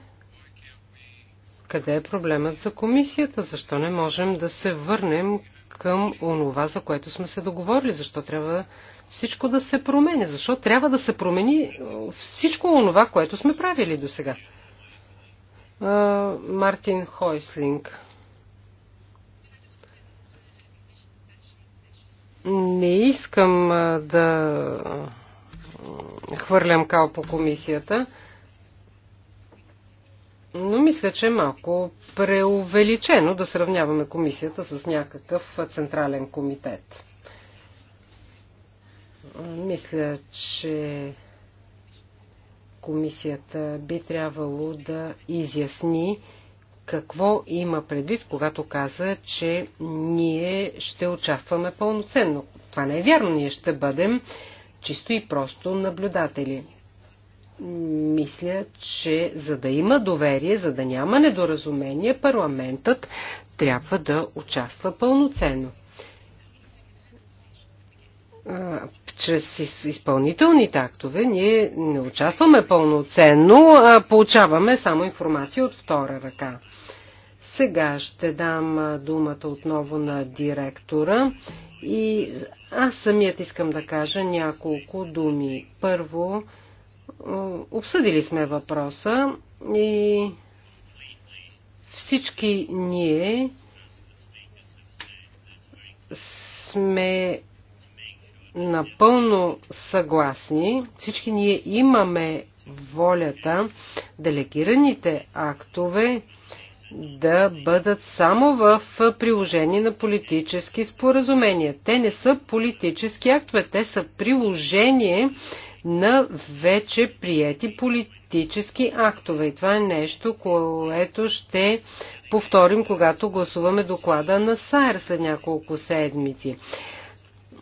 къде е проблемът за комисията? Защо не можем да се върнем към онова, за което сме се договорили? Защо трябва всичко да се промени? Защо трябва да се промени всичко онова, което сме правили до сега? Мартин Хойслинг. Не искам да хвърлям кал по комисията. Но мисля, че е малко преувеличено да сравняваме комисията с някакъв централен комитет. Мисля, че комисията би трябвало да изясни какво има предвид, когато каза, че ние ще участваме пълноценно. Това не е вярно, ние ще бъдем чисто и просто наблюдатели мисля, че за да има доверие, за да няма недоразумение, парламентът трябва да участва пълноценно. Чрез изпълнителните актове ние не участваме пълноценно, а получаваме само информация от втора ръка. Сега ще дам думата отново на директора и аз самият искам да кажа няколко думи. Първо, Обсъдили сме въпроса и всички ние сме напълно съгласни, всички ние имаме волята делегираните актове да бъдат само в приложение на политически споразумения. Те не са политически актове, те са приложение на вече приети политически актове. И това е нещо, което ще повторим, когато гласуваме доклада на САЕР след няколко седмици.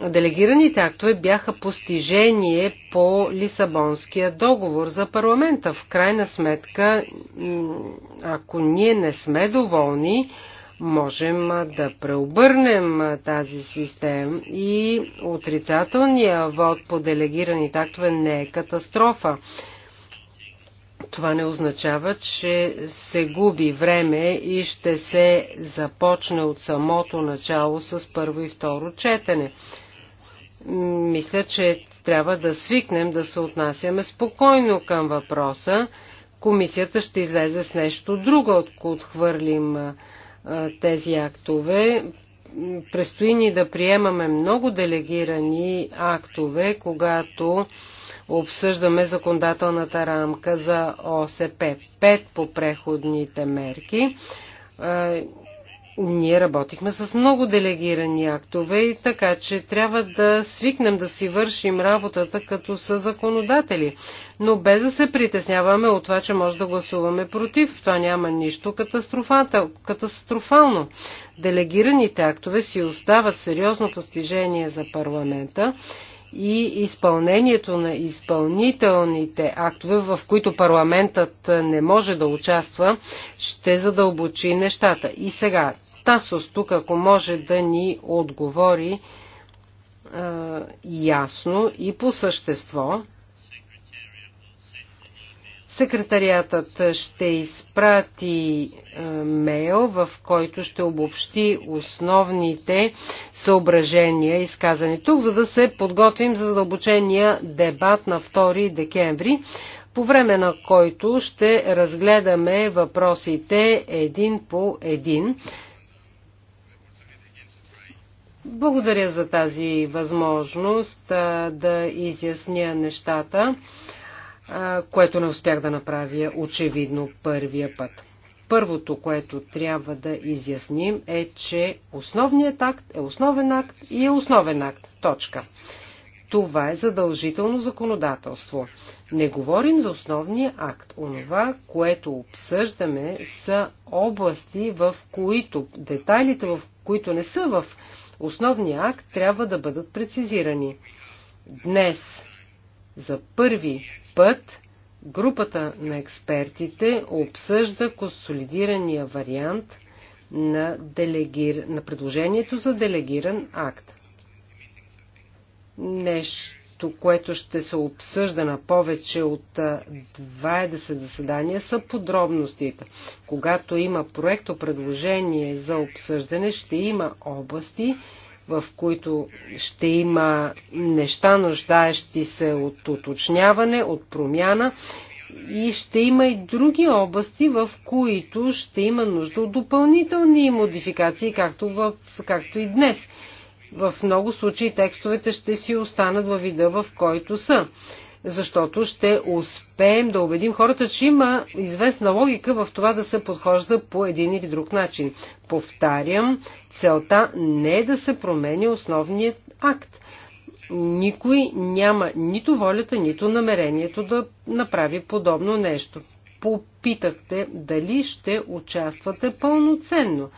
Делегираните актове бяха постижение по Лисабонския договор за парламента. В крайна сметка, ако ние не сме доволни, можем да преобърнем тази система и отрицателния вод по делегирани тактове не е катастрофа. Това не означава, че се губи време и ще се започне от самото начало с първо и второ четене. Мисля, че трябва да свикнем да се отнасяме спокойно към въпроса. Комисията ще излезе с нещо друго, ако отхвърлим тези актове. Престои ни да приемаме много делегирани актове, когато обсъждаме законодателната рамка за ОСП. 5 по преходните мерки ние работихме с много делегирани актове така, че трябва да свикнем да си вършим работата като са законодатели. Но без да се притесняваме от това, че може да гласуваме против. Това няма нищо катастрофално. Делегираните актове си остават сериозно постижение за парламента и изпълнението на изпълнителните актове, в които парламентът не може да участва, ще задълбочи нещата. И сега, Тасос тук, ако може да ни отговори а, ясно и по същество. Секретариатът ще изпрати а, мейл, в който ще обобщи основните съображения, изказани тук, за да се подготвим за задълбочения дебат на 2 декември, по време на който ще разгледаме въпросите един по един. Благодаря за тази възможност да изясня нещата, което не успях да направя очевидно първия път. Първото, което трябва да изясним е, че основният акт е основен акт и е основен акт. Точка. Това е задължително законодателство. Не говорим за основния акт. Онова, което обсъждаме, са области, в които детайлите, в които не са в основния акт трябва да бъдат прецизирани. Днес за първи път групата на експертите обсъжда консолидирания вариант на, делегир... на предложението за делегиран акт. Нещо нещо, което ще се обсъжда на повече от 20 заседания, са подробностите. Когато има проекто предложение за обсъждане, ще има области, в които ще има неща, нуждаещи се от уточняване, от промяна и ще има и други области, в които ще има нужда от допълнителни модификации, както, в, както и днес – в много случаи текстовете ще си останат във вида, в който са. Защото ще успеем да убедим хората, че има известна логика в това да се подхожда по един или друг начин. Повтарям, целта не е да се променя основният акт. Никой няма нито волята, нито намерението да направи подобно нещо. Попитахте дали ще участвате пълноценно.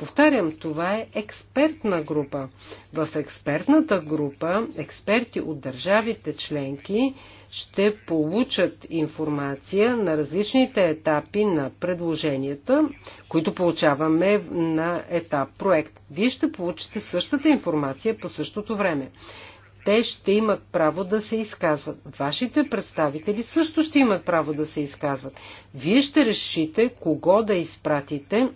Повтарям, това е експертна група. В експертната група експерти от държавите членки ще получат информация на различните етапи на предложенията, които получаваме на етап проект. Вие ще получите същата информация по същото време. Те ще имат право да се изказват. Вашите представители също ще имат право да се изказват. Вие ще решите кого да изпратите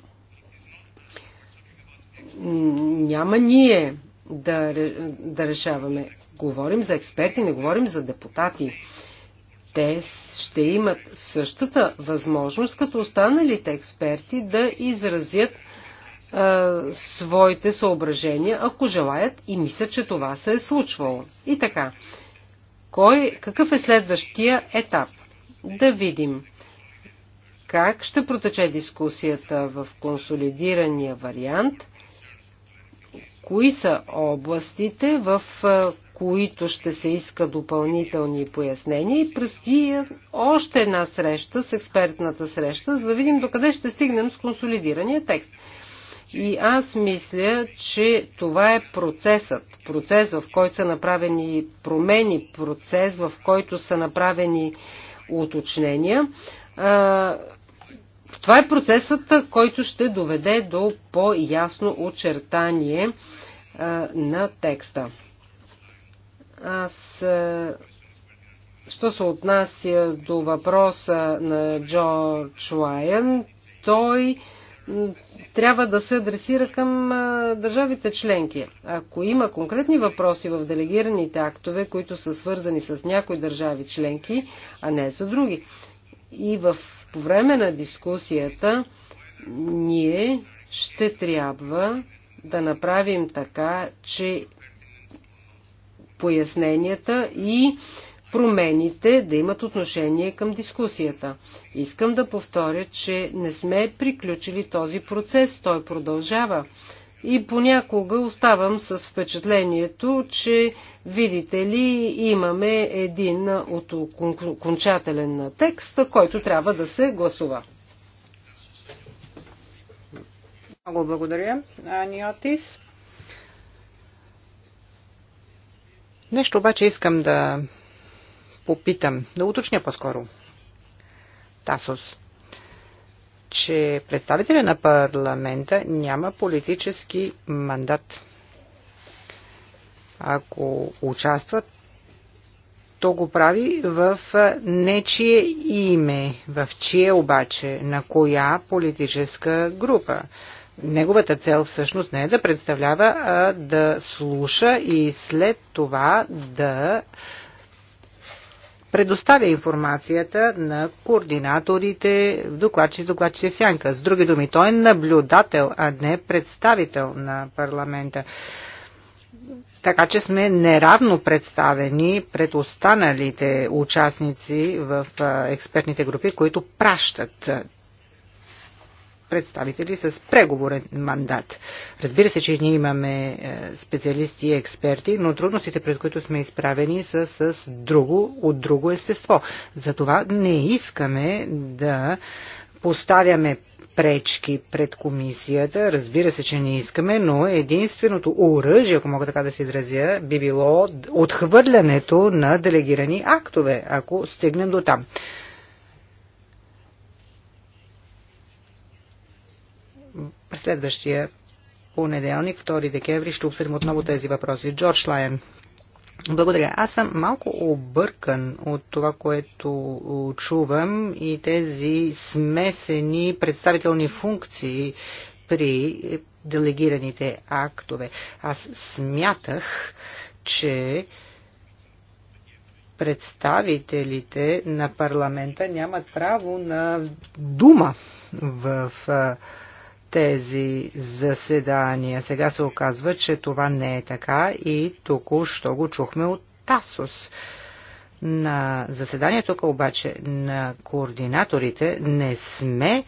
няма ние да, да решаваме. Говорим за експерти, не говорим за депутати. Те ще имат същата възможност, като останалите експерти, да изразят а, своите съображения, ако желаят и мислят, че това се е случвало. И така. Кой, какъв е следващия етап? Да видим как ще протече дискусията в консолидирания вариант кои са областите, в които ще се иска допълнителни пояснения и предстои още една среща с експертната среща, за да видим докъде ще стигнем с консолидирания текст. И аз мисля, че това е процесът. Процес, в който са направени промени, процес, в който са направени уточнения. Това е процесът, който ще доведе до по-ясно очертание на текста. Аз, що се отнася до въпроса на Джордж Лайън, той трябва да се адресира към държавите членки. Ако има конкретни въпроси в делегираните актове, които са свързани с някои държави членки, а не с други. И в, по време на дискусията ние ще трябва да направим така, че поясненията и промените да имат отношение към дискусията. Искам да повторя, че не сме приключили този процес, той продължава. И понякога оставам с впечатлението, че, видите ли, имаме един от окончателен текст, който трябва да се гласува.
Много благодаря, Аниотис. Нещо обаче искам да попитам, да уточня по-скоро. Тасос че представителя на парламента няма политически мандат. Ако участва, то го прави в нечие име, в чие обаче, на коя политическа група неговата цел всъщност не е да представлява, а да слуша и след това да предоставя информацията на координаторите, докладчици, докладчици в сянка. С други думи, той е наблюдател, а не представител на парламента. Така че сме неравно представени пред останалите участници в експертните групи, които пращат представители с преговорен мандат. Разбира се, че ние имаме е, специалисти и експерти, но трудностите, пред които сме изправени, са с друго, от друго естество. Затова не искаме да поставяме пречки пред комисията. Разбира се, че не искаме, но единственото оръжие, ако мога така да се изразя, би било отхвърлянето на делегирани актове, ако стигнем до там. Следващия понеделник, 2 декември, ще обсъдим отново тези въпроси. Джордж Лайен. Благодаря. Аз съм малко объркан от това, което чувам и тези смесени представителни функции при делегираните актове. Аз смятах, че представителите на парламента нямат право на дума в тези заседания. Сега се оказва, че това не е така и току-що го чухме от Тасос. На заседанието тук обаче на координаторите не сме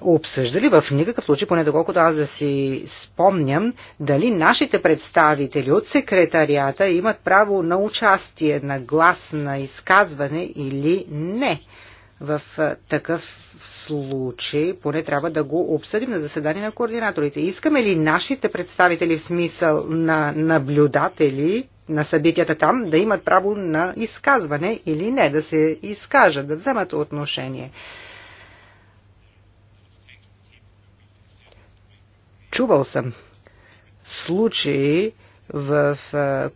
обсъждали в никакъв случай, поне доколкото аз да си спомням, дали нашите представители от секретарията имат право на участие, на глас, на изказване или не. В такъв случай поне трябва да го обсъдим на заседание на координаторите. Искаме ли нашите представители в смисъл на наблюдатели на събитията там да имат право на изказване или не, да се изкажат, да вземат отношение? Чувал съм случаи, в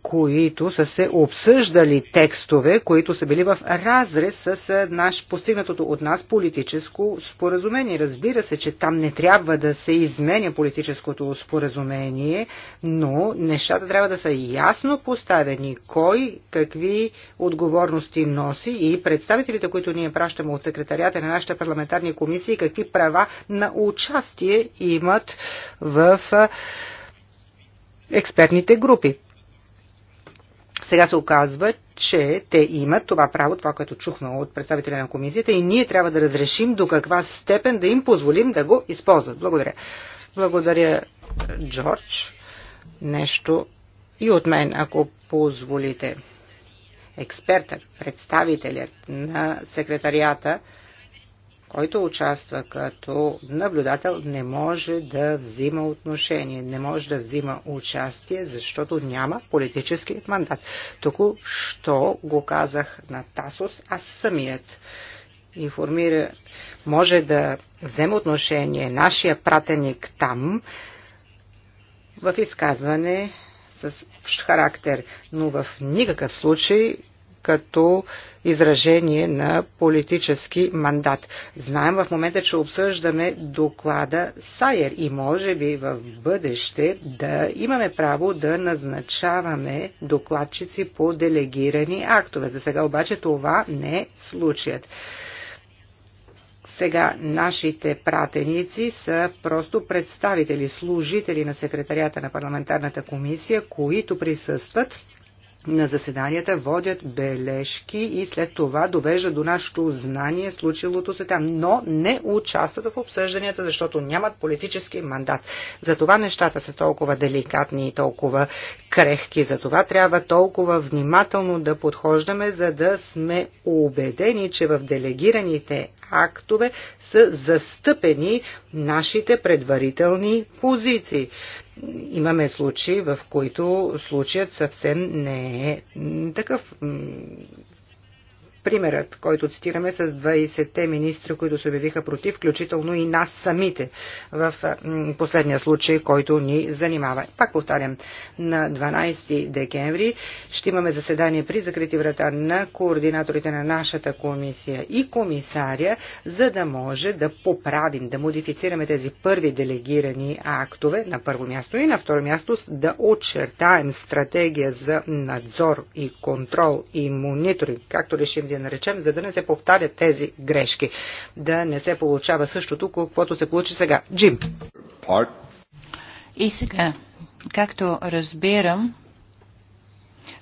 които са се обсъждали текстове, които са били в разрез с наш, постигнатото от нас политическо споразумение. Разбира се, че там не трябва да се изменя политическото споразумение, но нещата трябва да са ясно поставени. Кой какви отговорности носи и представителите, които ние пращаме от секретарията на нашите парламентарни комисии, какви права на участие имат в експертните групи. Сега се оказва, че те имат това право, това, което чухме от представителя на комисията и ние трябва да разрешим до каква степен да им позволим да го използват. Благодаря. Благодаря, Джордж. Нещо и от мен, ако позволите. Експертът, представителят на секретарията който участва като наблюдател, не може да взима отношение, не може да взима участие, защото няма политически мандат. Току що го казах на Тасос, аз самият информира, може да вземе отношение нашия пратеник там в изказване с общ характер, но в никакъв случай като изражение на политически мандат. Знаем в момента, че обсъждаме доклада Сайер и може би в бъдеще да имаме право да назначаваме докладчици по делегирани актове. За сега обаче това не е Сега нашите пратеници са просто представители, служители на секретарията на парламентарната комисия, които присъстват на заседанията водят бележки и след това довеждат до нашето знание случилото се там, но не участват в обсъжданията, защото нямат политически мандат. Затова нещата са толкова деликатни и толкова крехки. Затова трябва толкова внимателно да подхождаме, за да сме убедени, че в делегираните актове са застъпени нашите предварителни позиции имаме случаи, в които случаят съвсем не е такъв примерът, който цитираме с 20-те министри, които се обявиха против, включително и нас самите в последния случай, който ни занимава. Пак повтарям, на 12 декември ще имаме заседание при закрити врата на координаторите на нашата комисия и комисаря, за да може да поправим, да модифицираме тези първи делегирани актове на първо място и на второ място да очертаем стратегия за надзор и контрол и мониторинг, както решим да я наречем, за да не се повтарят тези грешки, да не се получава същото, каквото се получи сега. Джим.
И сега, както разбирам,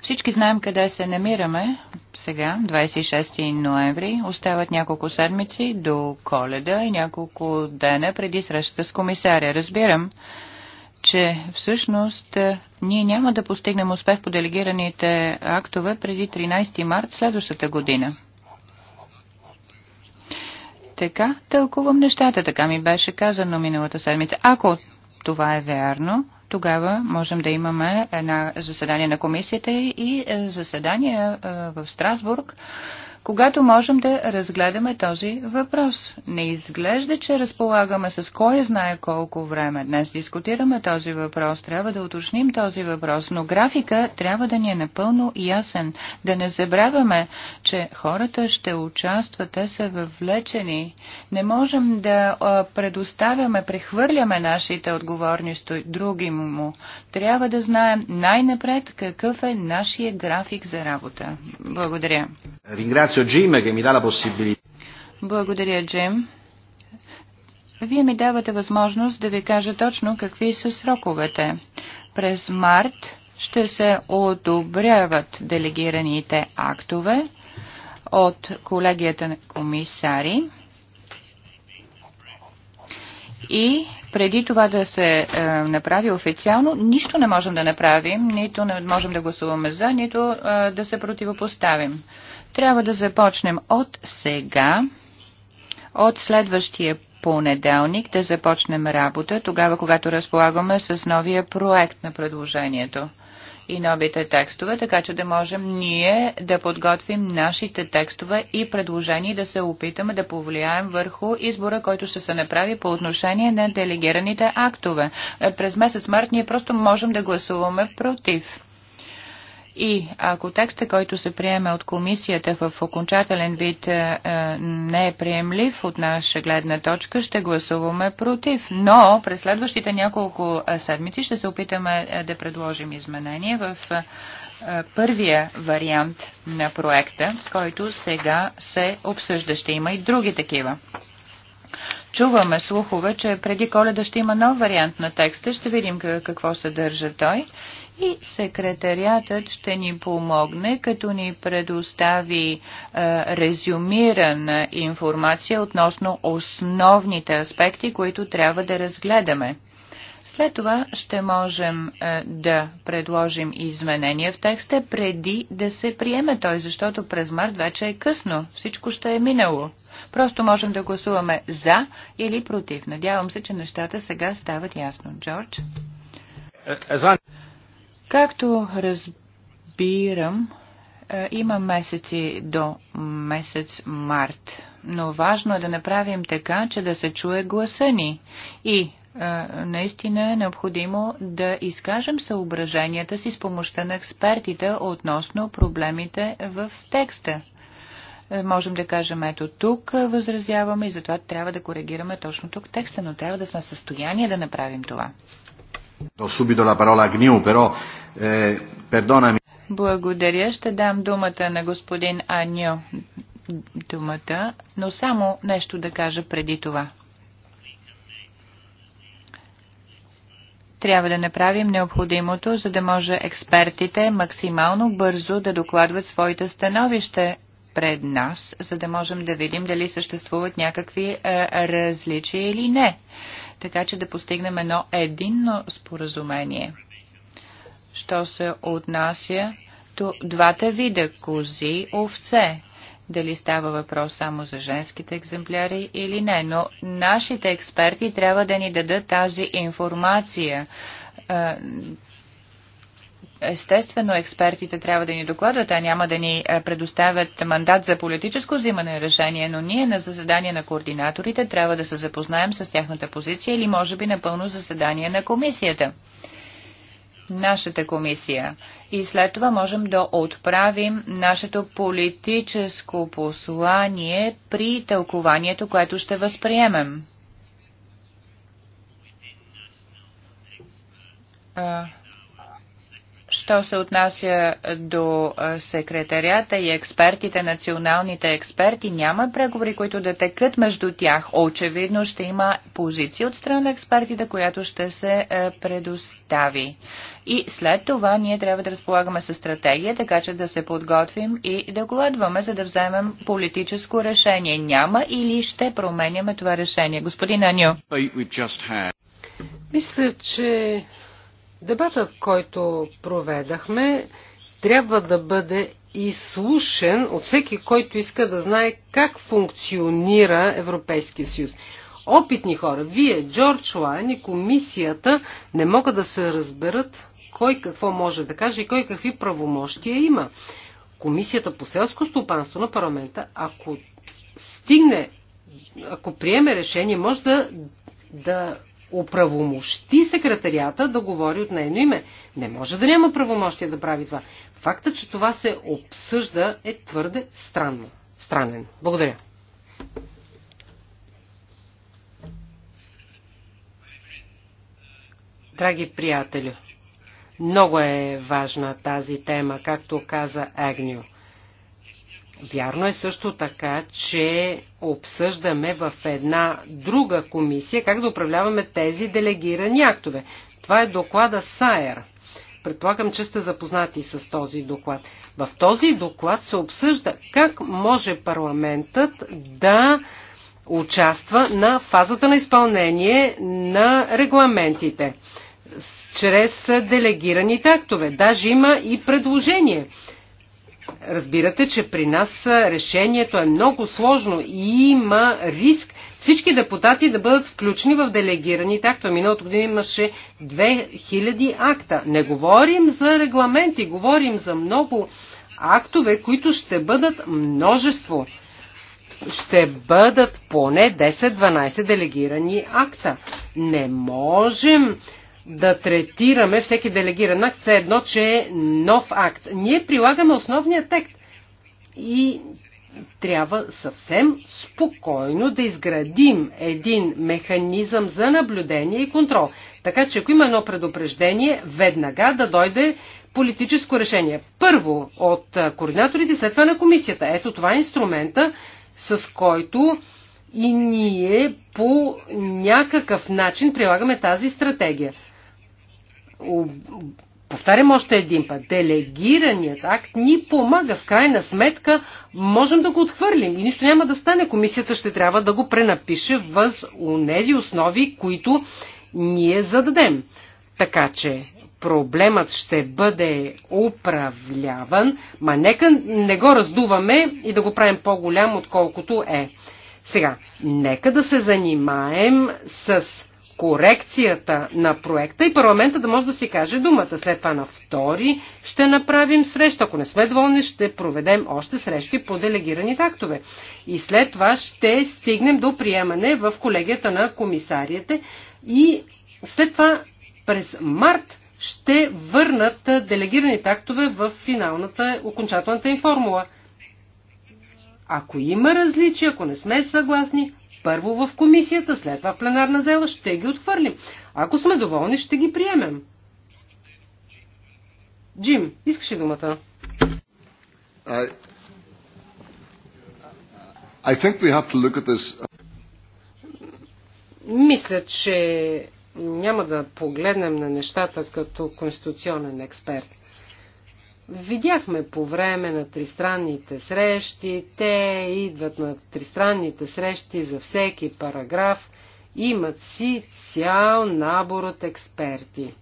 всички знаем къде се намираме сега, 26 ноември. Остават няколко седмици до коледа и няколко дена преди срещата с комисаря. Разбирам, че всъщност е, ние няма да постигнем успех по делегираните актове преди 13 март следващата година. Така тълкувам нещата, така ми беше казано миналата седмица. Ако това е вярно, тогава можем да имаме една заседание на комисията и е, заседание е, в Страсбург, когато можем да разгледаме този въпрос. Не изглежда, че разполагаме с кой знае колко време. Днес дискутираме този въпрос, трябва да уточним този въпрос, но графика трябва да ни е напълно ясен. Да не забравяме, че хората ще участват, те са въвлечени. Не можем да предоставяме, прехвърляме нашите отговорности други му. Трябва да знаем най-напред какъв е нашия график за работа. Благодаря
ringrazio Jim che mi dà la possibilità.
Благодаря, Джим. Вие ми давате възможност да ви кажа точно какви са сроковете. През март ще се одобряват делегираните актове от колегията на комисари и преди това да се е, направи официално, нищо не можем да направим, нито не можем да гласуваме за, нито е, да се противопоставим. Трябва да започнем от сега, от следващия понеделник да започнем работа, тогава когато разполагаме с новия проект на предложението и новите текстове, така че да можем ние да подготвим нашите текстове и предложения да се опитаме да повлияем върху избора, който ще се направи по отношение на делегираните актове. Е, през месец март ние просто можем да гласуваме против. И ако текста, който се приеме от комисията в окончателен вид е, е, не е приемлив от наша гледна точка, ще гласуваме против. Но през следващите няколко е, седмици ще се опитаме да предложим изменения в първия вариант на проекта, който сега се обсъжда. Ще има и други такива. Чуваме слухове, че преди коледа ще има нов вариант на текста. Ще видим какво съдържа той и секретариатът ще ни помогне, като ни предостави е, резюмирана информация относно основните аспекти, които трябва да разгледаме. След това ще можем е, да предложим изменения в текста преди да се приеме той, защото през март вече е късно. Всичко ще е минало. Просто можем да гласуваме за или против. Надявам се, че нещата сега стават ясно. Джордж? Е, е, Както разбирам, е, има месеци до месец март, но важно е да направим така, че да се чуе гласа ни и е, наистина е необходимо да изкажем съображенията си с помощта на експертите относно проблемите в текста. Е, можем да кажем, ето тук възразяваме и затова трябва да коригираме точно тук текста, но трябва да сме в състояние да направим това. Eh, Благодаря. Ще дам думата на господин Аньо думата, но само нещо да кажа преди това. Трябва да направим необходимото, за да може експертите максимално бързо да докладват своите становище пред нас, за да можем да видим дали съществуват някакви е, различия или не така че да постигнем едно единно споразумение. Що се отнася до двата вида кози, овце, дали става въпрос само за женските екземпляри или не, но нашите експерти трябва да ни дадат тази информация е, Естествено, експертите трябва да ни докладват, а няма да ни предоставят мандат за политическо взимане на решение, но ние на заседание на координаторите трябва да се запознаем с тяхната позиция или може би напълно заседание на комисията. Нашата комисия. И след това можем да отправим нашето политическо послание при тълкованието, което ще възприемем. Що се отнася до секретарята и експертите, националните експерти, няма преговори, които да текат между тях. Очевидно ще има позиция от страна на експертите, която ще се предостави. И след това ние трябва да разполагаме с стратегия, така че да се подготвим и да гладваме, за да вземем политическо решение. Няма или ще променяме това решение. Господин Аню. Мисля, че Дебатът, който проведахме,
трябва да бъде изслушен от всеки, който иска да знае как функционира Европейския съюз. Опитни хора, вие, Джордж Лайн и комисията не могат да се разберат кой какво може да каже и кой какви правомощия има. Комисията по селско стопанство на парламента, ако стигне, ако приеме решение, може да, да оправомощи секретарията да говори от нейно име. Не може да няма правомощие да прави това. Фактът, че това се обсъжда е твърде странно. Странен. Благодаря. Драги приятели, много е важна тази тема, както каза Агнио. Вярно е също така, че обсъждаме в една друга комисия как да управляваме тези делегирани актове. Това е доклада САЕР. Предполагам, че сте запознати с този доклад. В този доклад се обсъжда как може парламентът да участва на фазата на изпълнение на регламентите чрез делегираните актове. Даже има и предложение Разбирате, че при нас решението е много сложно и има риск всички депутати да бъдат включени в делегирани такта. Миналото година имаше 2000 акта. Не говорим за регламенти, говорим за много актове, които ще бъдат множество. Ще бъдат поне 10-12 делегирани акта. Не можем да третираме всеки делегиран акт, все едно, че е нов акт. Ние прилагаме основния текст и трябва съвсем спокойно да изградим един механизъм за наблюдение и контрол. Така че ако има едно предупреждение, веднага да дойде политическо решение. Първо от координаторите, след това на комисията. Ето това е инструмента, с който и ние по някакъв начин прилагаме тази стратегия. Повтарям още един път. Делегираният акт ни помага. В крайна сметка можем да го отхвърлим и нищо няма да стане. Комисията ще трябва да го пренапише въз тези основи, които ние зададем. Така че проблемът ще бъде управляван, ма нека не го раздуваме и да го правим по-голям, отколкото е. Сега, нека да се занимаем с корекцията на проекта и парламента да може да си каже думата. След това на втори ще направим среща. Ако не сме доволни, ще проведем още срещи по делегирани тактове. И след това ще стигнем до приемане в колегията на комисарите и след това през март ще върнат делегираните тактове в финалната, окончателната им формула. Ако има различия, ако не сме съгласни, първо в комисията, след това в пленарна зала ще ги отхвърлим. Ако сме доволни, ще ги приемем. Джим, искаш ли думата? I, I think
we have to look at this.
Мисля, че няма да погледнем на нещата като конституционен експерт. Видяхме по време на тристранните срещи, те идват на тристранните срещи за всеки параграф, имат си цял набор от експерти.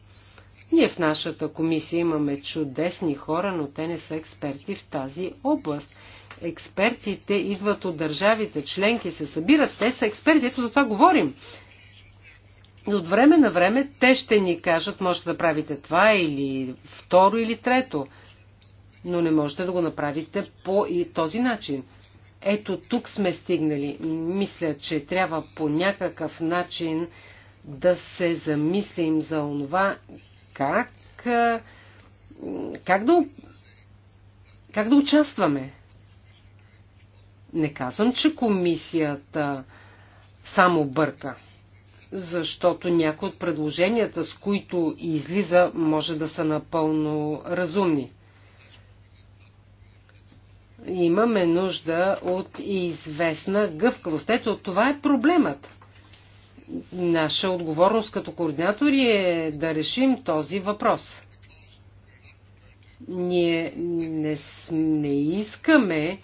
Ние в нашата комисия имаме чудесни хора, но те не са експерти в тази област. Експертите идват от държавите, членки се събират, те са експерти, ето за това говорим. И от време на време те ще ни кажат, може да правите това или второ или трето но не можете да го направите по и този начин. Ето тук сме стигнали. Мисля, че трябва по някакъв начин да се замислим за онова как, как, да, как да участваме. Не казвам, че комисията само бърка, защото някои от предложенията, с които излиза, може да са напълно разумни. Имаме нужда от известна гъвкавост. Ето, това е проблемът. Наша отговорност като координатори е да решим този въпрос. Ние не, не искаме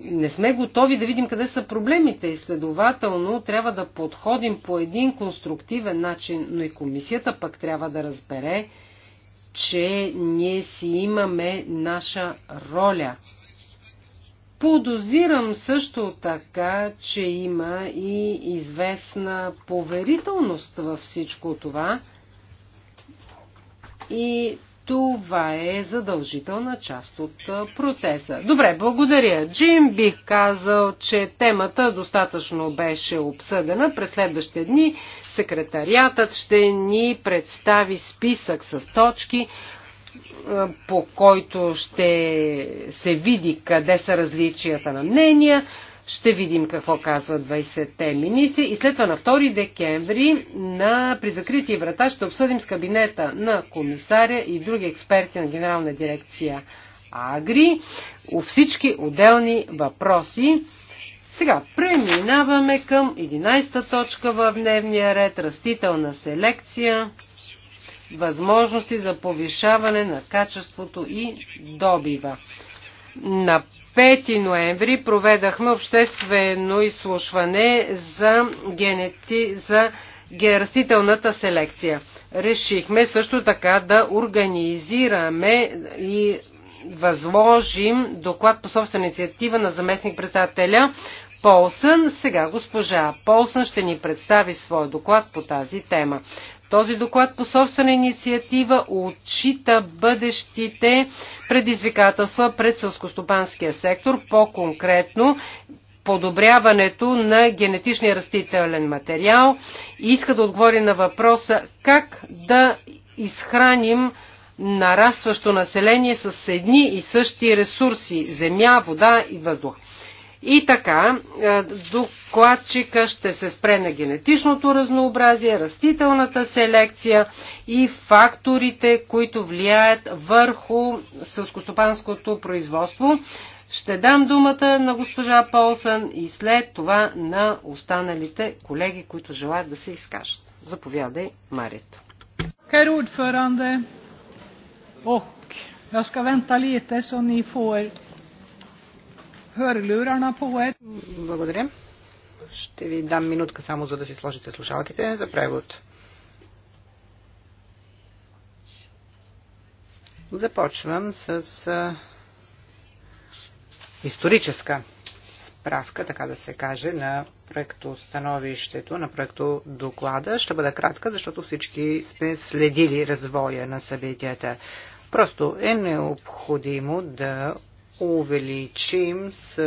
не сме готови да видим къде са проблемите и следователно трябва да подходим по един конструктивен начин, но и комисията пък трябва да разбере, че ние си имаме наша роля. Подозирам също така, че има и известна поверителност във всичко това и това е задължителна част от процеса. Добре, благодаря. Джим бих казал, че темата достатъчно беше обсъдена. През следващите дни секретариатът ще ни представи списък с точки, по който ще се види къде са различията на мнения, ще видим какво казват 20-те министри и след това на 2 декември на, при закрити врата ще обсъдим с кабинета на комисаря и други експерти на генерална дирекция Агри всички отделни въпроси. Сега преминаваме към 11-та точка в дневния ред растителна селекция възможности за повишаване на качеството и добива. На 5 ноември проведахме обществено изслушване за, генети, за растителната селекция. Решихме също така да организираме и възложим доклад по собствена инициатива на заместник председателя Полсън. Сега госпожа Полсън ще ни представи своя доклад по тази тема. Този доклад по собствена инициатива отчита бъдещите предизвикателства пред селскостопанския сектор, по-конкретно подобряването на генетичния растителен материал и иска да отговори на въпроса как да изхраним нарастващо население с едни и същи ресурси – земя, вода и въздух. И така, е, докладчика ще се спре на генетичното разнообразие, растителната селекция и факторите, които влияят върху сълскостопанското производство. Ще дам думата на госпожа Полсън и след това на останалите колеги, които желаят да се изкажат. Заповядай, Марит.
Herr ох, och jag ska vänta lite så ni får благодаря. Ще ви дам минутка само за да си сложите слушалките за превод. Започвам с историческа справка, така да се каже, на проекто становището, на проекто доклада. Ще бъда кратка, защото всички сме следили развоя на събитията. Просто е необходимо да увеличим с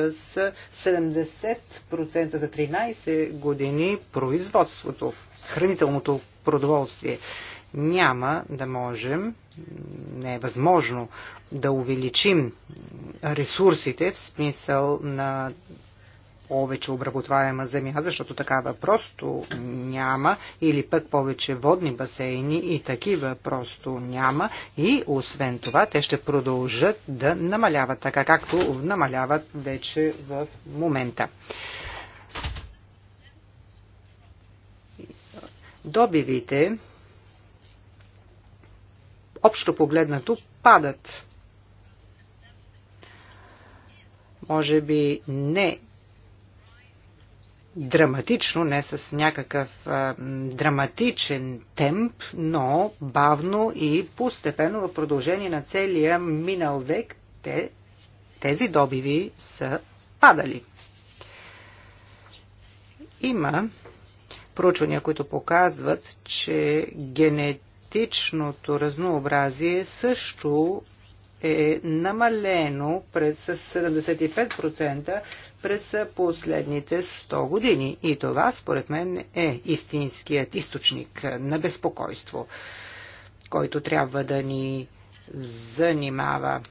70% за 13 години производството, хранителното продоволствие. Няма да можем, не е възможно да увеличим ресурсите в смисъл на повече обработваема земя, защото такава просто няма, или пък повече водни басейни и такива просто няма. И освен това, те ще продължат да намаляват, така както намаляват вече в момента. Добивите, общо погледнато, падат може би не драматично, не с някакъв а, драматичен темп, но бавно и постепенно в продължение на целия минал век те, тези добиви са падали. Има проучвания, които показват, че генетичното разнообразие също е намалено през 75% през последните 100 години. И това, според мен, е истинският източник на безпокойство, който трябва да ни занимава.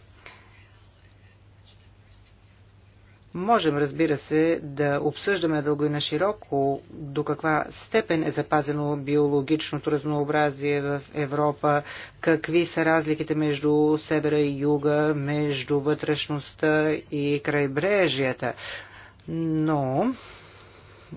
Можем, разбира се, да обсъждаме дълго и на широко до каква степен е запазено биологичното разнообразие в Европа, какви са разликите между севера и юга, между вътрешността и крайбрежията. Но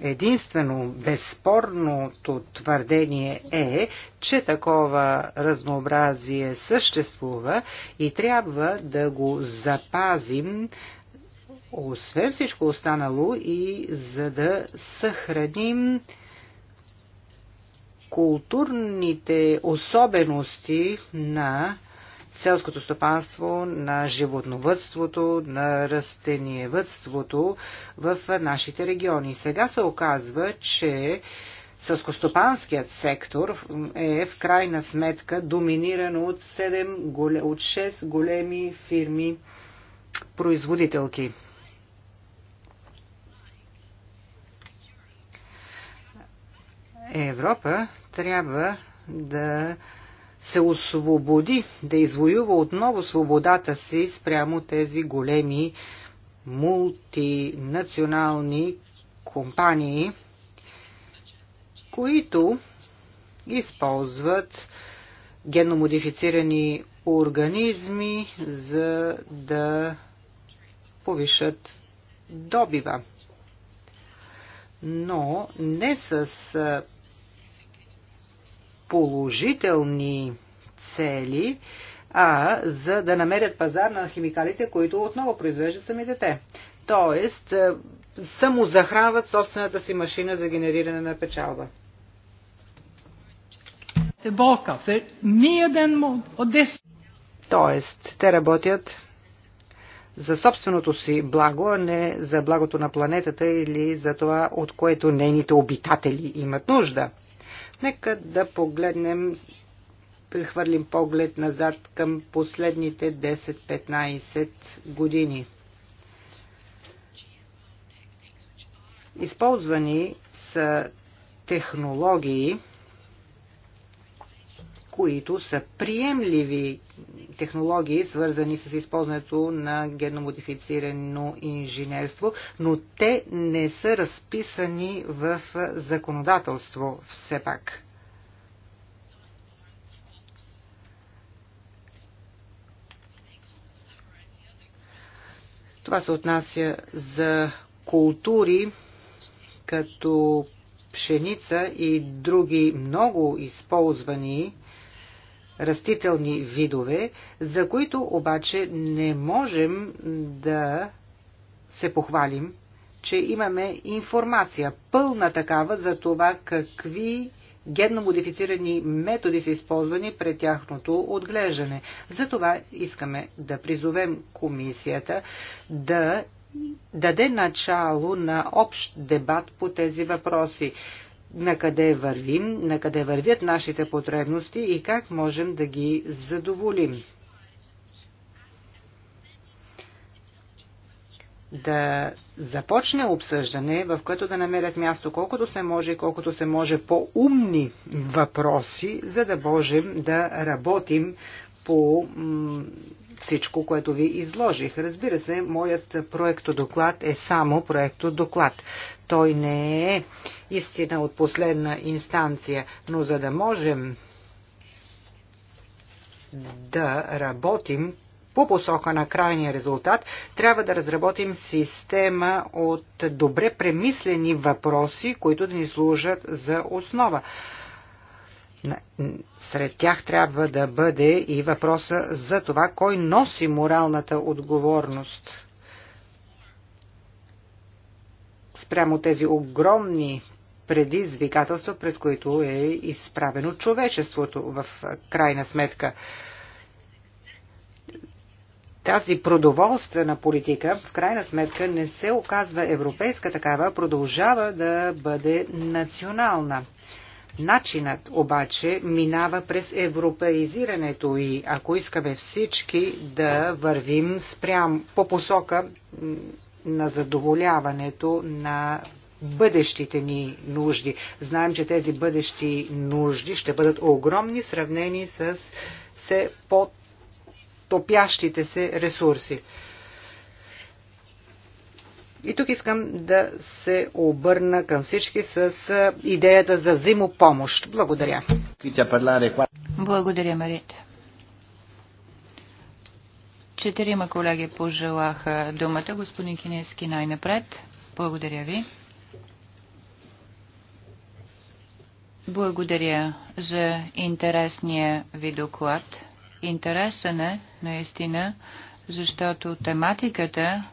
единствено безспорното твърдение е, че такова разнообразие съществува и трябва да го запазим освен всичко останало и за да съхраним културните особености на селското стопанство, на животновътството, на растениевътството в нашите региони. Сега се оказва, че Сълскостопанският сектор е в крайна сметка доминиран от, 7, от 6 големи фирми производителки. Европа трябва да се освободи, да извоюва отново свободата си спрямо тези големи мултинационални компании, които използват геномодифицирани организми, за да повишат добива. Но не с положителни цели, а за да намерят пазар на химикалите, които отново произвеждат самите те. Тоест, е, само захранват собствената си машина за генериране на печалба. Тоест, те работят за собственото си благо, а не за благото на планетата или за това, от което нейните обитатели имат нужда. Нека да погледнем, прехвърлим поглед назад към последните 10-15 години. Използвани са технологии, които са приемливи технологии, свързани с използването на геномодифицирано инженерство, но те не са разписани в законодателство все пак. Това се отнася за култури като пшеница и други много използвани растителни видове, за които обаче не можем да се похвалим, че имаме информация, пълна такава за това какви генно модифицирани методи са използвани пред тяхното отглеждане. Затова искаме да призовем комисията да даде начало на общ дебат по тези въпроси на къде вървим, на къде вървят нашите потребности и как можем да ги задоволим. да започне обсъждане, в което да намерят място колкото се може и колкото се може по-умни въпроси, за да можем да работим по всичко, което ви изложих. Разбира се, моят проектодоклад е само проектодоклад. Той не е истина от последна инстанция, но за да можем да работим по посока на крайния резултат, трябва да разработим система от добре премислени въпроси, които да ни служат за основа. Сред тях трябва да бъде и въпроса за това, кой носи моралната отговорност спрямо тези огромни предизвикателства, пред които е изправено човечеството в крайна сметка. Тази продоволствена политика, в крайна сметка, не се оказва европейска такава, продължава да бъде национална. Начинът обаче минава през европеизирането и ако искаме всички да вървим спрям по посока на задоволяването на бъдещите ни нужди. Знаем, че тези бъдещи нужди ще бъдат огромни, сравнени с се по-топящите се ресурси. И тук искам да се обърна към всички с идеята за взаимопомощ. Благодаря.
Благодаря, Марит. Четирима колеги пожелаха думата. Господин Кинески най-напред. Благодаря ви. Благодаря за интересния ви доклад. Интересен е, наистина, защото тематиката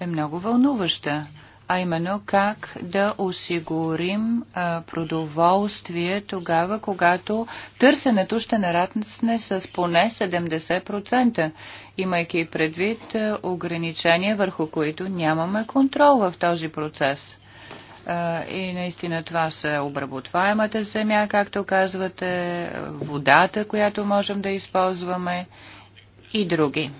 е много вълнуваща, а именно как да осигурим а, продоволствие тогава, когато търсенето ще нарасне с поне 70%, имайки предвид ограничения, върху които нямаме контрол в този процес и наистина това са обработваемата земя, както казвате, водата, която можем да използваме и други.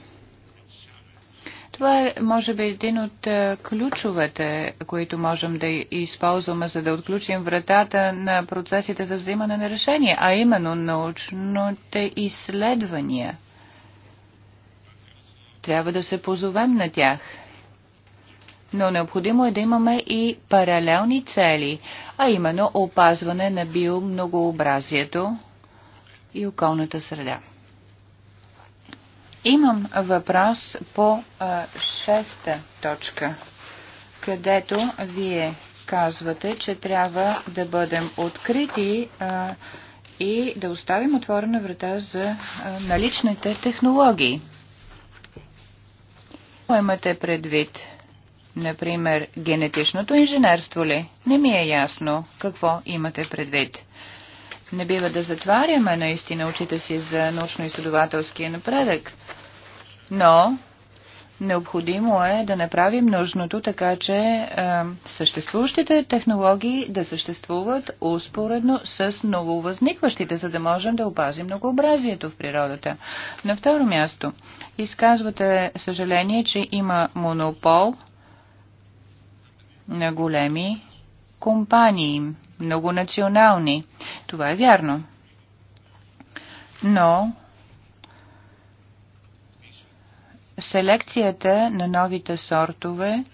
Това е, може би, един от е, ключовете, които можем да използваме, за да отключим вратата на процесите за взимане на решения, а именно научните изследвания. Трябва да се позовем на тях. Но необходимо е да имаме и паралелни цели, а именно опазване на биомногообразието и околната среда. Имам въпрос по а, шеста точка, където вие казвате, че трябва да бъдем открити а, и да оставим отворена врата за а, наличните технологии. Какво имате предвид? Например, генетичното инженерство ли? Не ми е ясно какво имате предвид. Не бива да затваряме наистина очите си за научно-изследователския напредък, но необходимо е да направим нужното, така че е, съществуващите технологии да съществуват успоредно с нововъзникващите, за да можем да опазим многообразието в природата. На второ място, изказвате съжаление, че има монопол на големи компании, многонационални. Това е вярно. Но селекцията на новите сортове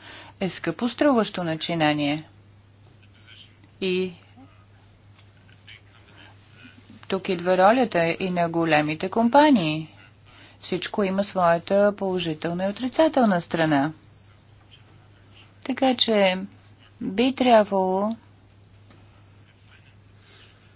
е скъпоструващо начинание. И тук идва ролята и на големите компании. Всичко има своята положителна и отрицателна страна. Така че би трябвало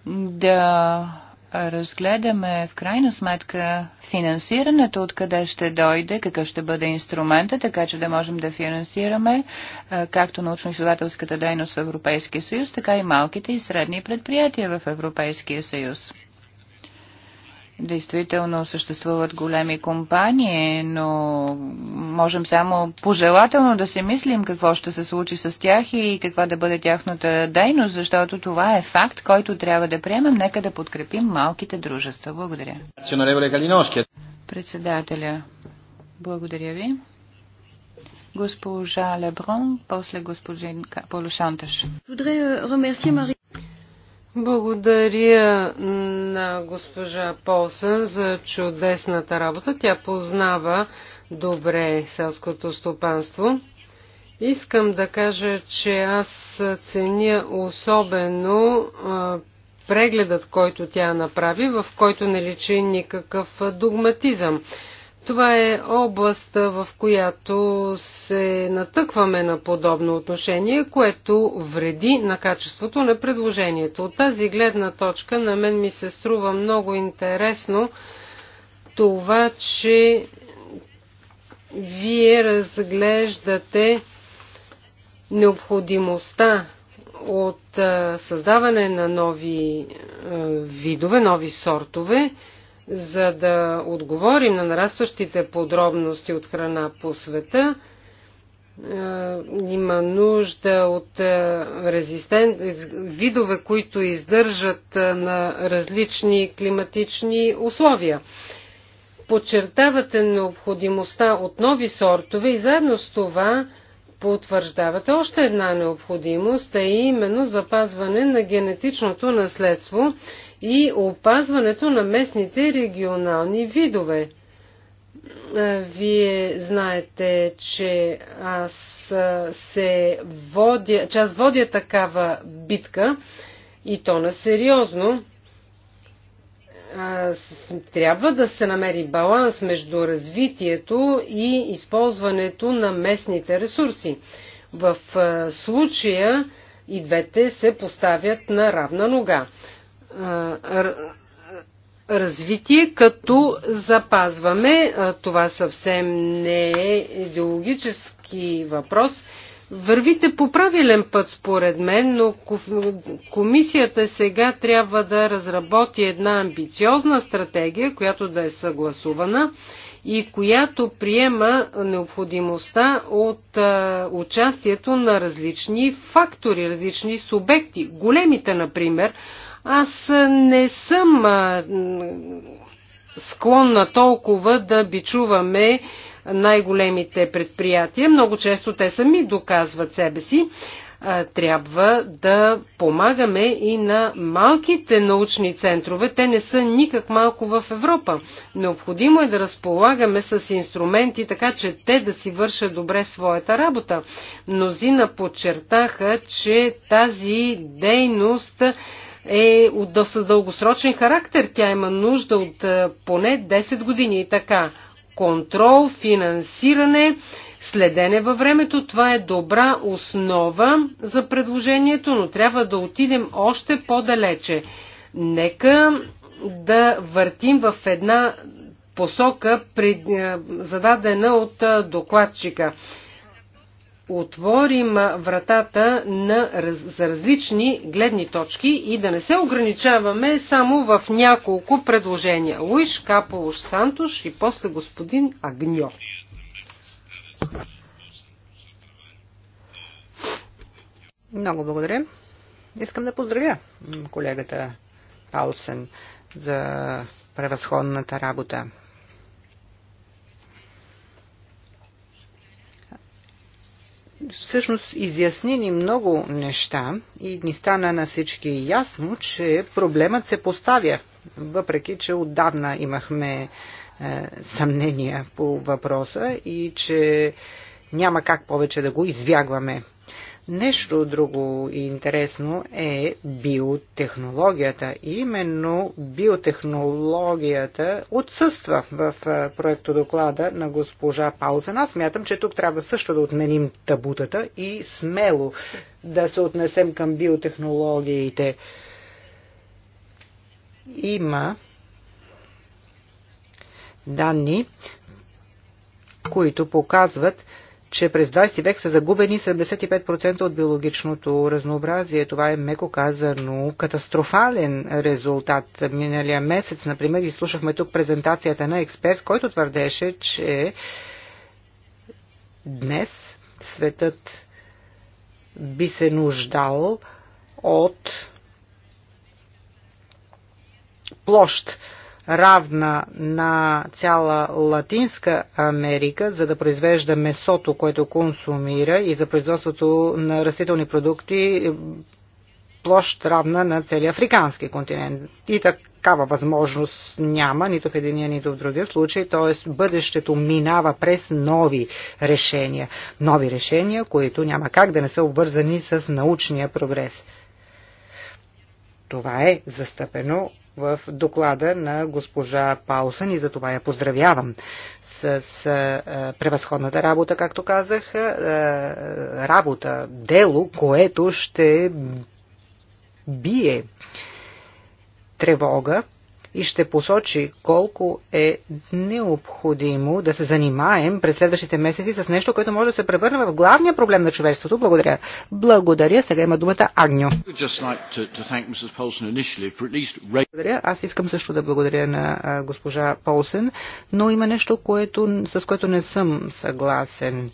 да разгледаме в крайна сметка финансирането, откъде ще дойде, какъв ще бъде инструмента, така че да можем да финансираме е, както научно-изследователската дейност в Европейския съюз, така и малките и средни предприятия в Европейския съюз. Действително съществуват големи компании, но можем само пожелателно да се мислим какво ще се случи с тях и каква да бъде тяхната дейност, защото това е факт, който трябва да приемем. Нека да подкрепим малките дружества. Благодаря. Председателя, благодаря ви. Госпожа Леброн, после господин Полушанташ.
Euh, благодаря на госпожа Полсън за чудесната работа. Тя познава добре селското стопанство. Искам да кажа, че аз ценя особено прегледът, който тя направи, в който не личи никакъв догматизъм. Това е област, в която се натъкваме на подобно отношение, което вреди на качеството на предложението. От тази гледна точка на мен ми се струва много интересно това, че вие разглеждате необходимостта от създаване на нови видове, нови сортове, за да отговорим на нарастващите подробности от храна по света, е, има нужда от е, резистент, видове, които издържат е, на различни климатични условия. Подчертавате необходимостта от нови сортове и заедно с това потвърждавате още една необходимост, а е именно запазване на генетичното наследство и опазването на местните регионални видове. Е, вие знаете, че аз се водя, че аз водя такава битка и то на сериозно. Трябва да се намери баланс между развитието и използването на местните ресурси. В случая и двете се поставят на равна нога развитие, като запазваме, това съвсем не е идеологически въпрос, вървите по правилен път според мен, но комисията сега трябва да разработи една амбициозна стратегия, която да е съгласувана и която приема необходимостта от а, участието на различни фактори, различни субекти. Големите, например, аз не съм склонна толкова да бичуваме най-големите предприятия. Много често те сами доказват себе си. Трябва да помагаме и на малките научни центрове. Те не са никак малко в Европа. Необходимо е да разполагаме с инструменти, така че те да си вършат добре своята работа. Мнозина подчертаха, че тази дейност е от доста дългосрочен характер. Тя има нужда от е, поне 10 години и така. Контрол, финансиране, следене във времето, това е добра основа за предложението, но трябва да отидем още по-далече. Нека да въртим в една посока, е, зададена от е, докладчика отворим вратата на, за различни гледни точки и да не се ограничаваме само в няколко предложения. Луиш, Каполуш, Сантош и после господин Агньо. Много
благодаря. Искам да поздравя колегата Паулсен за превъзходната работа. всъщност изясни ни много неща и ни стана на всички ясно, че проблемът се поставя, въпреки че отдавна имахме е, съмнения по въпроса и че няма как повече да го избягваме. Нещо друго и интересно е биотехнологията. Именно биотехнологията отсъства в проекто доклада на госпожа Паузен. Аз смятам, че тук трябва също да отменим табутата и смело да се отнесем към биотехнологиите. Има данни, които показват, че през 20 век са загубени 75% от биологичното разнообразие. Това е меко казано катастрофален резултат. Миналия месец, например, изслушахме тук презентацията на експерт, който твърдеше, че днес светът би се нуждал от площ равна на цяла Латинска Америка, за да произвежда месото, което консумира и за производството на растителни продукти площ равна на целия африкански континент. И такава възможност няма нито в единия, нито в другия случай, т.е. бъдещето минава през нови решения. Нови решения, които няма как да не са обвързани с научния прогрес. Това е застъпено в доклада на госпожа Паусън и за това я поздравявам с, с а, е, превъзходната работа, както казах, е, работа, дело, което ще бие тревога и ще посочи колко е необходимо да се занимаем през следващите месеци с нещо, което може да се превърне в главния проблем на човечеството. Благодаря. Благодаря. Сега има думата Агньо.
Благодаря. Аз искам също да
благодаря на госпожа Полсен, но има нещо, което, с което не съм съгласен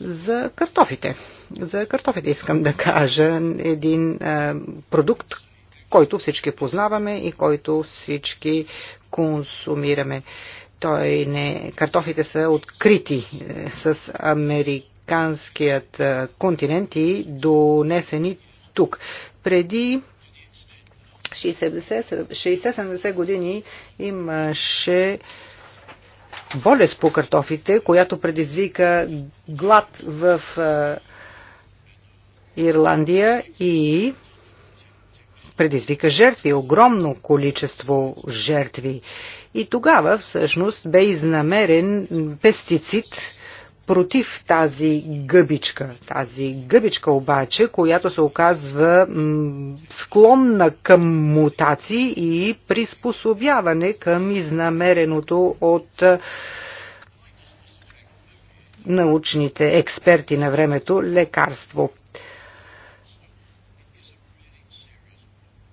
за картофите. За картофите искам да кажа един а, продукт, който всички познаваме и който всички консумираме. Той не... Картофите са открити е, с американският е, континент и донесени тук. Преди 60-70 години имаше болест по картофите, която предизвика глад в е, Ирландия и предизвика жертви, огромно количество жертви. И тогава всъщност бе изнамерен пестицид, против тази гъбичка. Тази гъбичка обаче, която се оказва склонна към мутации и приспособяване към изнамереното от научните експерти на времето лекарство.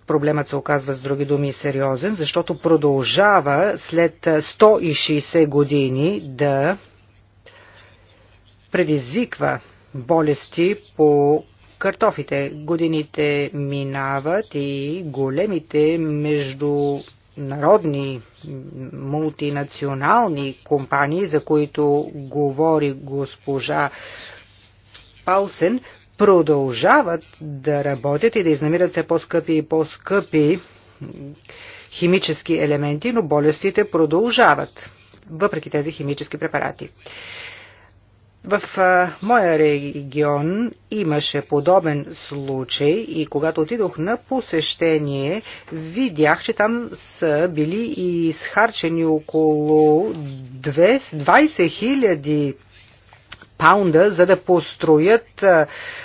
Проблемът се оказва с други думи сериозен, защото продължава след 160 години да предизвиква болести по картофите. Годините минават и големите между народни мултинационални компании, за които говори госпожа Паусен, продължават да работят и да изнамират все по-скъпи и по-скъпи химически елементи, но болестите продължават, въпреки тези химически препарати. В а, моя регион имаше подобен случай и когато отидох на посещение, видях, че там са били изхарчени около 20 000 паунда, за да построят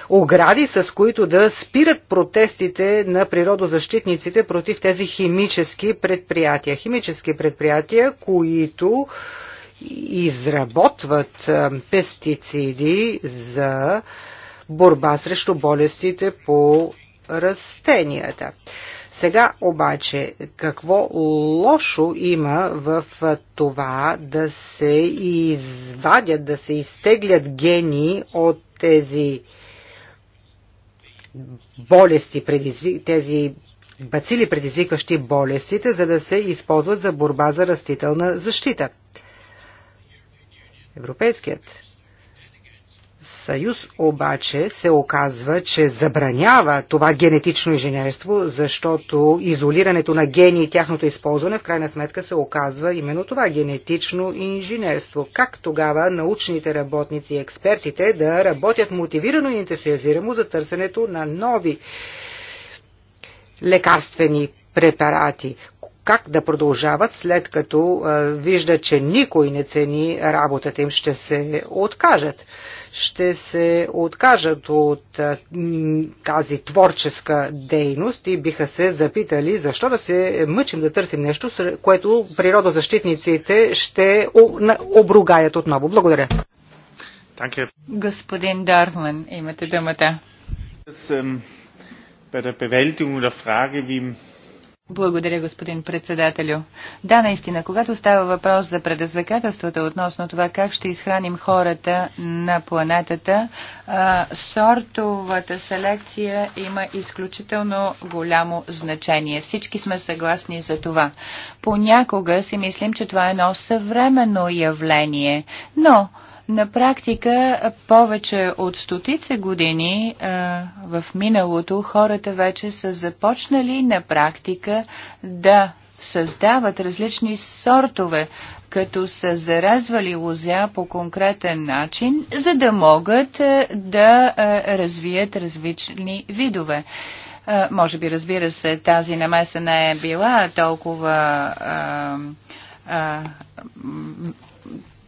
огради, с които да спират протестите на природозащитниците против тези химически предприятия. Химически предприятия, които изработват пестициди за борба срещу болестите по растенията. Сега обаче, какво лошо има в това да се извадят, да се изтеглят гени от тези болести, тези бацили предизвикващи болестите, за да се използват за борба за растителна защита. Европейският съюз обаче се оказва, че забранява това генетично инженерство, защото изолирането на гени и тяхното използване в крайна сметка се оказва именно това генетично инженерство. Как тогава научните работници и експертите да работят мотивирано и ентусиазирано за търсенето на нови лекарствени препарати? как да продължават след като виждат, че никой не цени работата им, ще се откажат. Ще се откажат от тази творческа дейност и биха се запитали защо да се мъчим да търсим нещо, което природозащитниците ще обругаят отново. Благодаря.
Господин Дарман, имате думата.
Bei der Bewältigung der Frage, wie
благодаря, господин председателю. Да, наистина, когато става въпрос за предизвикателствата относно това как ще изхраним хората на планетата, сортовата селекция има изключително голямо значение. Всички сме съгласни за това. Понякога си мислим, че това е едно съвременно явление, но на практика повече от стотица години е, в миналото хората вече са започнали на практика да създават различни сортове, като са заразвали лозя по конкретен начин, за да могат е, да е, развият различни видове. Може би, разбира се, тази намеса не е била толкова а, а,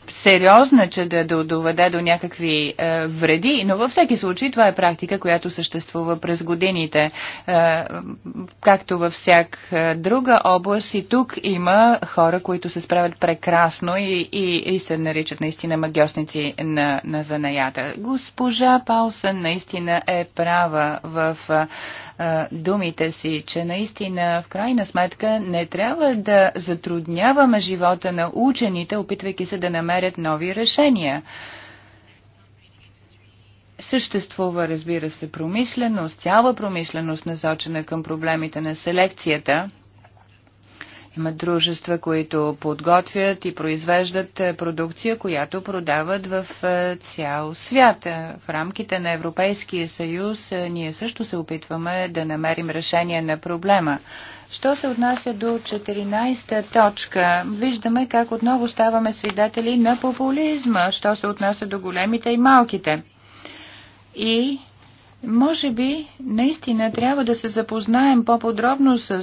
сериозна, че да, да доведе до някакви е, вреди, но във всеки случай това е практика, която съществува през годините. Е, както във всяк е, друга област и тук има хора, които се справят прекрасно и, и, и се наричат наистина магиосници на, на занаята. Госпожа Паусън наистина е права в е, думите си, че наистина в крайна сметка не трябва да затрудняваме живота на учените, опитвайки се да намерят нови решения. Съществува, разбира се, промишленост, цяла промишленост, насочена към проблемите на селекцията – имат дружества, които подготвят и произвеждат е, продукция, която продават в е, цял свят. Е, в рамките на Европейския съюз ние също се опитваме да намерим решение на проблема. Що се отнася до 14-та точка, виждаме как отново ставаме свидетели на популизма, що се отнася до големите и малките. И може би наистина трябва да се запознаем по-подробно с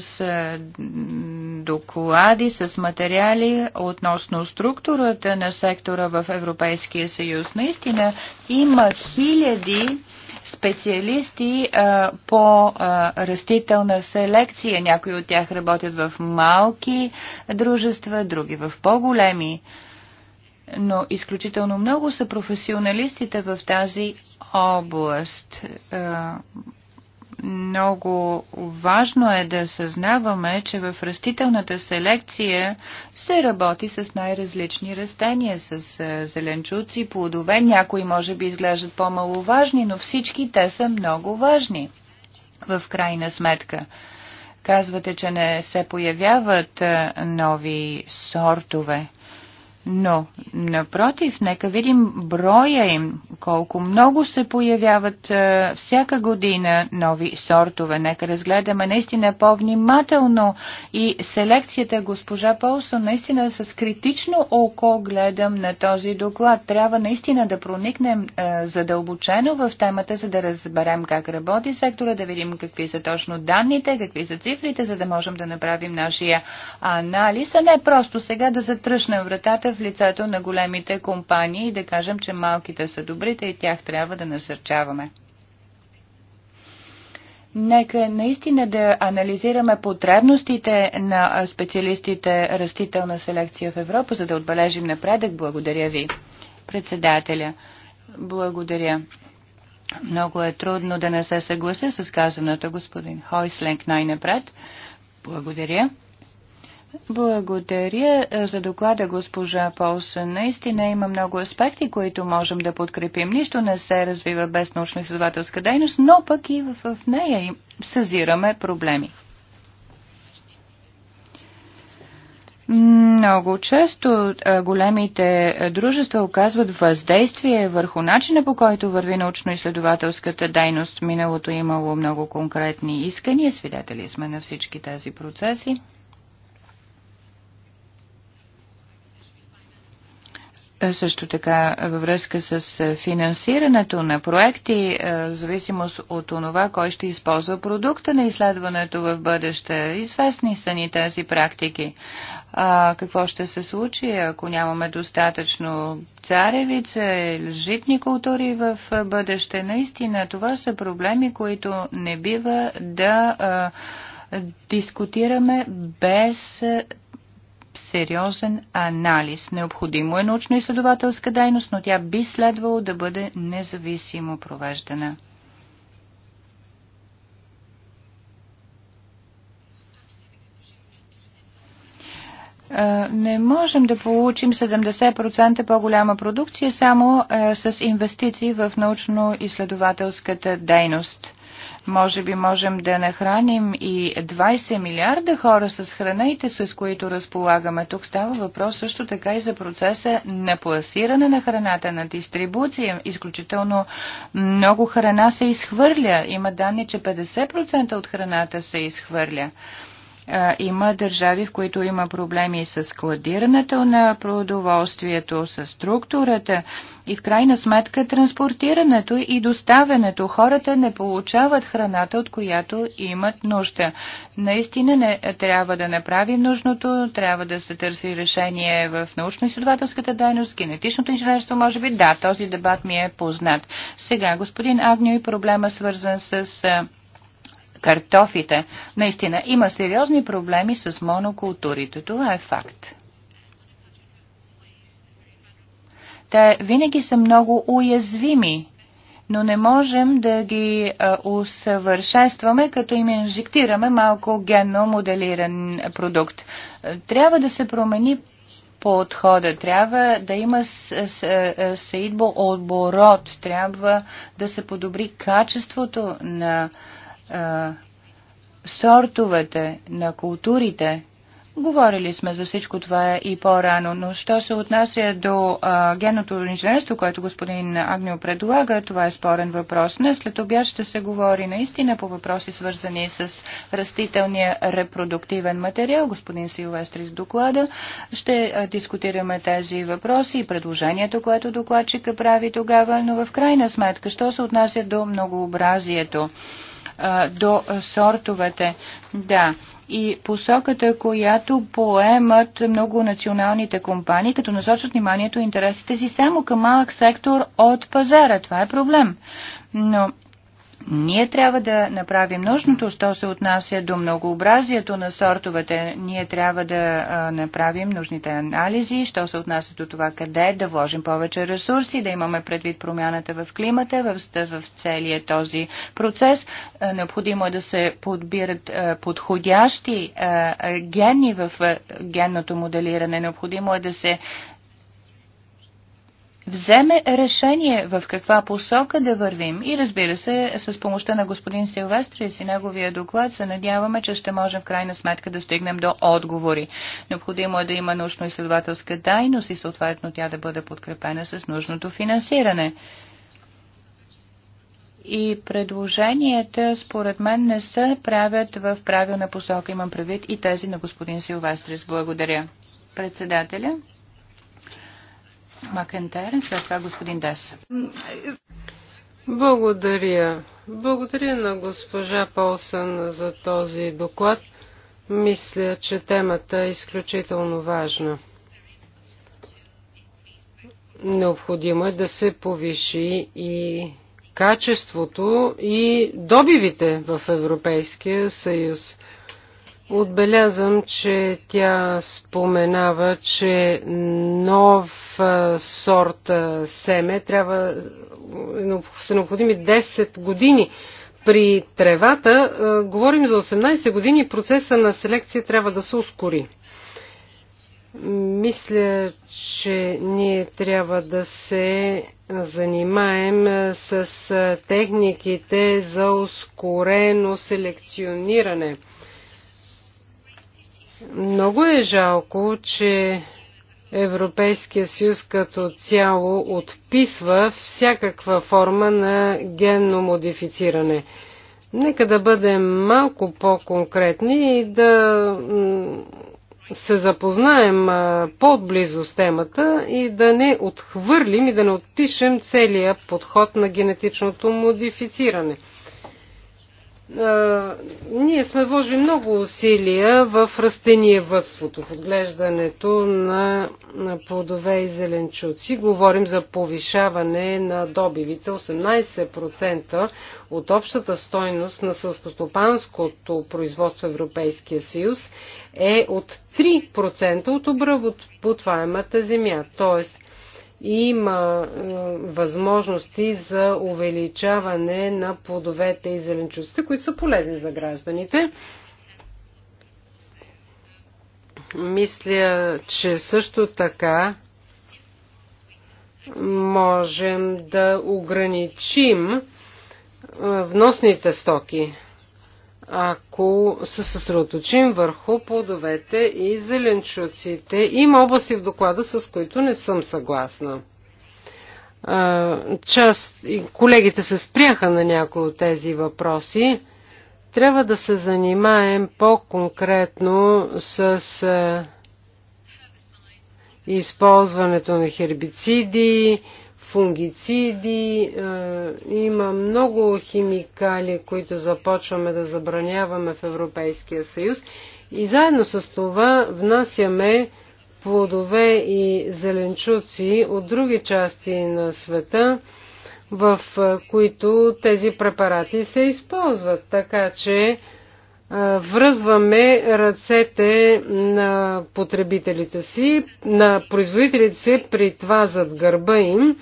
доклади с материали относно структурата на сектора в Европейския съюз. Наистина има хиляди специалисти а, по а, растителна селекция. Някои от тях работят в малки дружества, други в по-големи. Но изключително много са професионалистите в тази област. А, много важно е да съзнаваме, че в растителната селекция се работи с най-различни растения, с е, зеленчуци, плодове. Някои може би изглеждат по-маловажни, но всички те са много важни в крайна сметка. Казвате, че не се появяват е, нови сортове. Но, напротив, нека видим броя им, колко много се появяват а, е, всяка година нови сортове. Нека разгледаме наистина по-внимателно и селекцията госпожа Полсо наистина с критично око гледам на този доклад. Трябва наистина да проникнем а, е, задълбочено в темата, за да разберем как работи сектора, да видим какви са точно данните, какви са цифрите, за да можем да направим нашия анализ, а не просто сега да затръшнем вратата в лицето на големите компании и да кажем, че малките са добрите и тях трябва да насърчаваме. Нека наистина да анализираме потребностите на специалистите растителна селекция в Европа, за да отбележим напредък. Благодаря ви, председателя. Благодаря. Много е трудно да не се съглася с казаното господин Хойсленг най-напред. Благодаря. Благодаря е, за доклада, госпожа Полсън. Наистина има много аспекти, които можем да подкрепим. Нищо не се развива без научно-изследователска дейност, но пък и в, в нея съзираме проблеми. Много често е, големите е, дружества оказват въздействие върху начина по който върви научно-изследователската дейност. Миналото е имало много конкретни искания, свидетели сме на всички тези процеси. също така във връзка с е, финансирането на проекти, е, в зависимост от това, кой ще използва продукта на изследването в бъдеще. Известни са ни тези практики. А, какво ще се случи, ако нямаме достатъчно царевица или житни култури в е, бъдеще? Наистина, това са проблеми, които не бива да а, дискутираме без сериозен анализ. Необходимо е научно-изследователска дейност, но тя би следвало да бъде независимо провеждана. не можем да получим 70% по-голяма продукция само с инвестиции в научно-изследователската дейност. Може би можем да нахраним и 20 милиарда хора с храните, с които разполагаме. Тук става въпрос също така и за процеса на пласиране на храната, на дистрибуция. Изключително много храна се изхвърля. Има данни, че 50% от храната се изхвърля има държави, в които има проблеми с складирането на продоволствието, с структурата и в крайна сметка транспортирането и доставянето. Хората не получават храната, от която имат нужда. Наистина не трябва да направим нужното, трябва да се търси решение в научно-изследователската дейност, генетичното инженерство, може би. Да, този дебат ми е познат. Сега, господин Агнио и проблема свързан с картофите. Наистина има сериозни проблеми с монокултурите. Това е факт. Те винаги са много уязвими, но не можем да ги а, усъвършенстваме, като им инжектираме малко генно моделиран продукт. Трябва да се промени подхода. Трябва да има съидбо оборот. Трябва да се подобри качеството на а, сортовете на културите. Говорили сме за всичко това и по-рано, но що се отнася до а, генното инженерство, което господин Агнио предлага, това е спорен въпрос. Не след обяд ще се говори наистина по въпроси свързани с растителния репродуктивен материал. Господин с доклада ще а, дискутираме тези въпроси и предложението, което докладчика прави тогава, но в крайна сметка, що се отнася до многообразието до сортовете. Да. И посоката, която поемат много националните компании, като насочат вниманието и интересите си само към малък сектор от пазара. Това е проблем. Но ние трябва да направим нужното, що се отнася до многообразието на сортовете. Ние трябва да направим нужните анализи, що се отнася до това къде да вложим повече ресурси, да имаме предвид промяната в климата, в, в целия този процес. Необходимо е да се подбират подходящи гени в генното моделиране. Необходимо е да се вземе решение в каква посока да вървим. И разбира се, с помощта на господин Силвестрис и неговия доклад се надяваме, че ще можем в крайна сметка да стигнем до отговори. Необходимо е да има научно-изследователска тайност и съответно тя да бъде подкрепена с нужното финансиране. И предложенията, според мен, не се правят в правилна посока. Имам предвид и тези на господин Силвестрис. Благодаря. Председателя. Макентайрен, след това господин Дес. Благодаря.
Благодаря на госпожа Полсън за този доклад. Мисля, че темата е изключително важна. Необходимо е да се повиши и качеството и добивите в Европейския съюз. Отбелязам, че тя споменава, че нов сорт семе трябва е, са необходими 10 години. При тревата говорим за 18 години и процеса на селекция трябва да се ускори. Мисля, че ние трябва да се занимаем с техниките за ускорено селекциониране – много е жалко, че Европейския съюз като цяло отписва всякаква форма на генно модифициране. Нека да бъдем малко по-конкретни и да се запознаем по-близо с темата и да не отхвърлим и да не отпишем целия подход на генетичното модифициране – ние сме вложили много усилия в растениевътството, в отглеждането на, на плодове и зеленчуци. Говорим за повишаване на добивите. 18% от общата стойност на сълскостопанското производство в Европейския съюз е от 3% от обработваемата земя. Тоест, има е, възможности за увеличаване на плодовете и зеленчуците, които са полезни за гражданите. Мисля, че също така можем да ограничим е, вносните стоки ако се съсредоточим върху плодовете и зеленчуците. Има области в доклада, с които не съм съгласна. Част и колегите се спряха на някои от тези въпроси. Трябва да се занимаем по-конкретно с използването на хербициди, фунгициди, е, има много химикали, които започваме да забраняваме в Европейския съюз. И заедно с това внасяме плодове и зеленчуци от други части на света, в е, които тези препарати се използват. Така че връзваме ръцете на потребителите си, на производителите си, при това зад гърба им,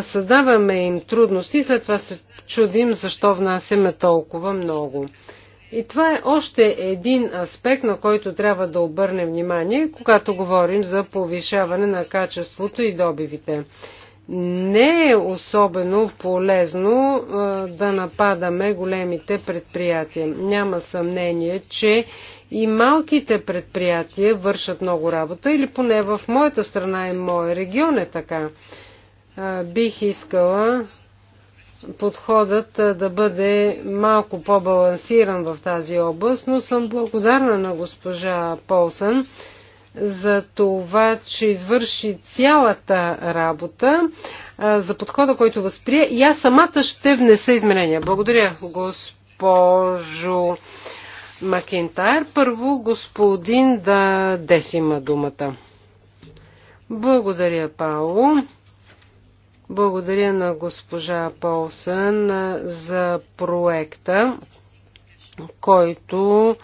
създаваме им трудности и след това се чудим защо внасяме толкова много. И това е още един аспект, на който трябва да обърнем внимание, когато говорим за повишаване на качеството и добивите не е особено полезно да нападаме големите предприятия. Няма съмнение, че и малките предприятия вършат много работа, или поне в моята страна и моя регион е така. Бих искала подходът да бъде малко по-балансиран в тази област, но съм благодарна на госпожа Полсън за това, че извърши цялата работа, за подхода, който възприе. И аз самата ще внеса изменения. Благодаря, госпожо Макентайр. Първо, господин да десима думата. Благодаря, Пао. Благодаря на госпожа Полсън за проекта, който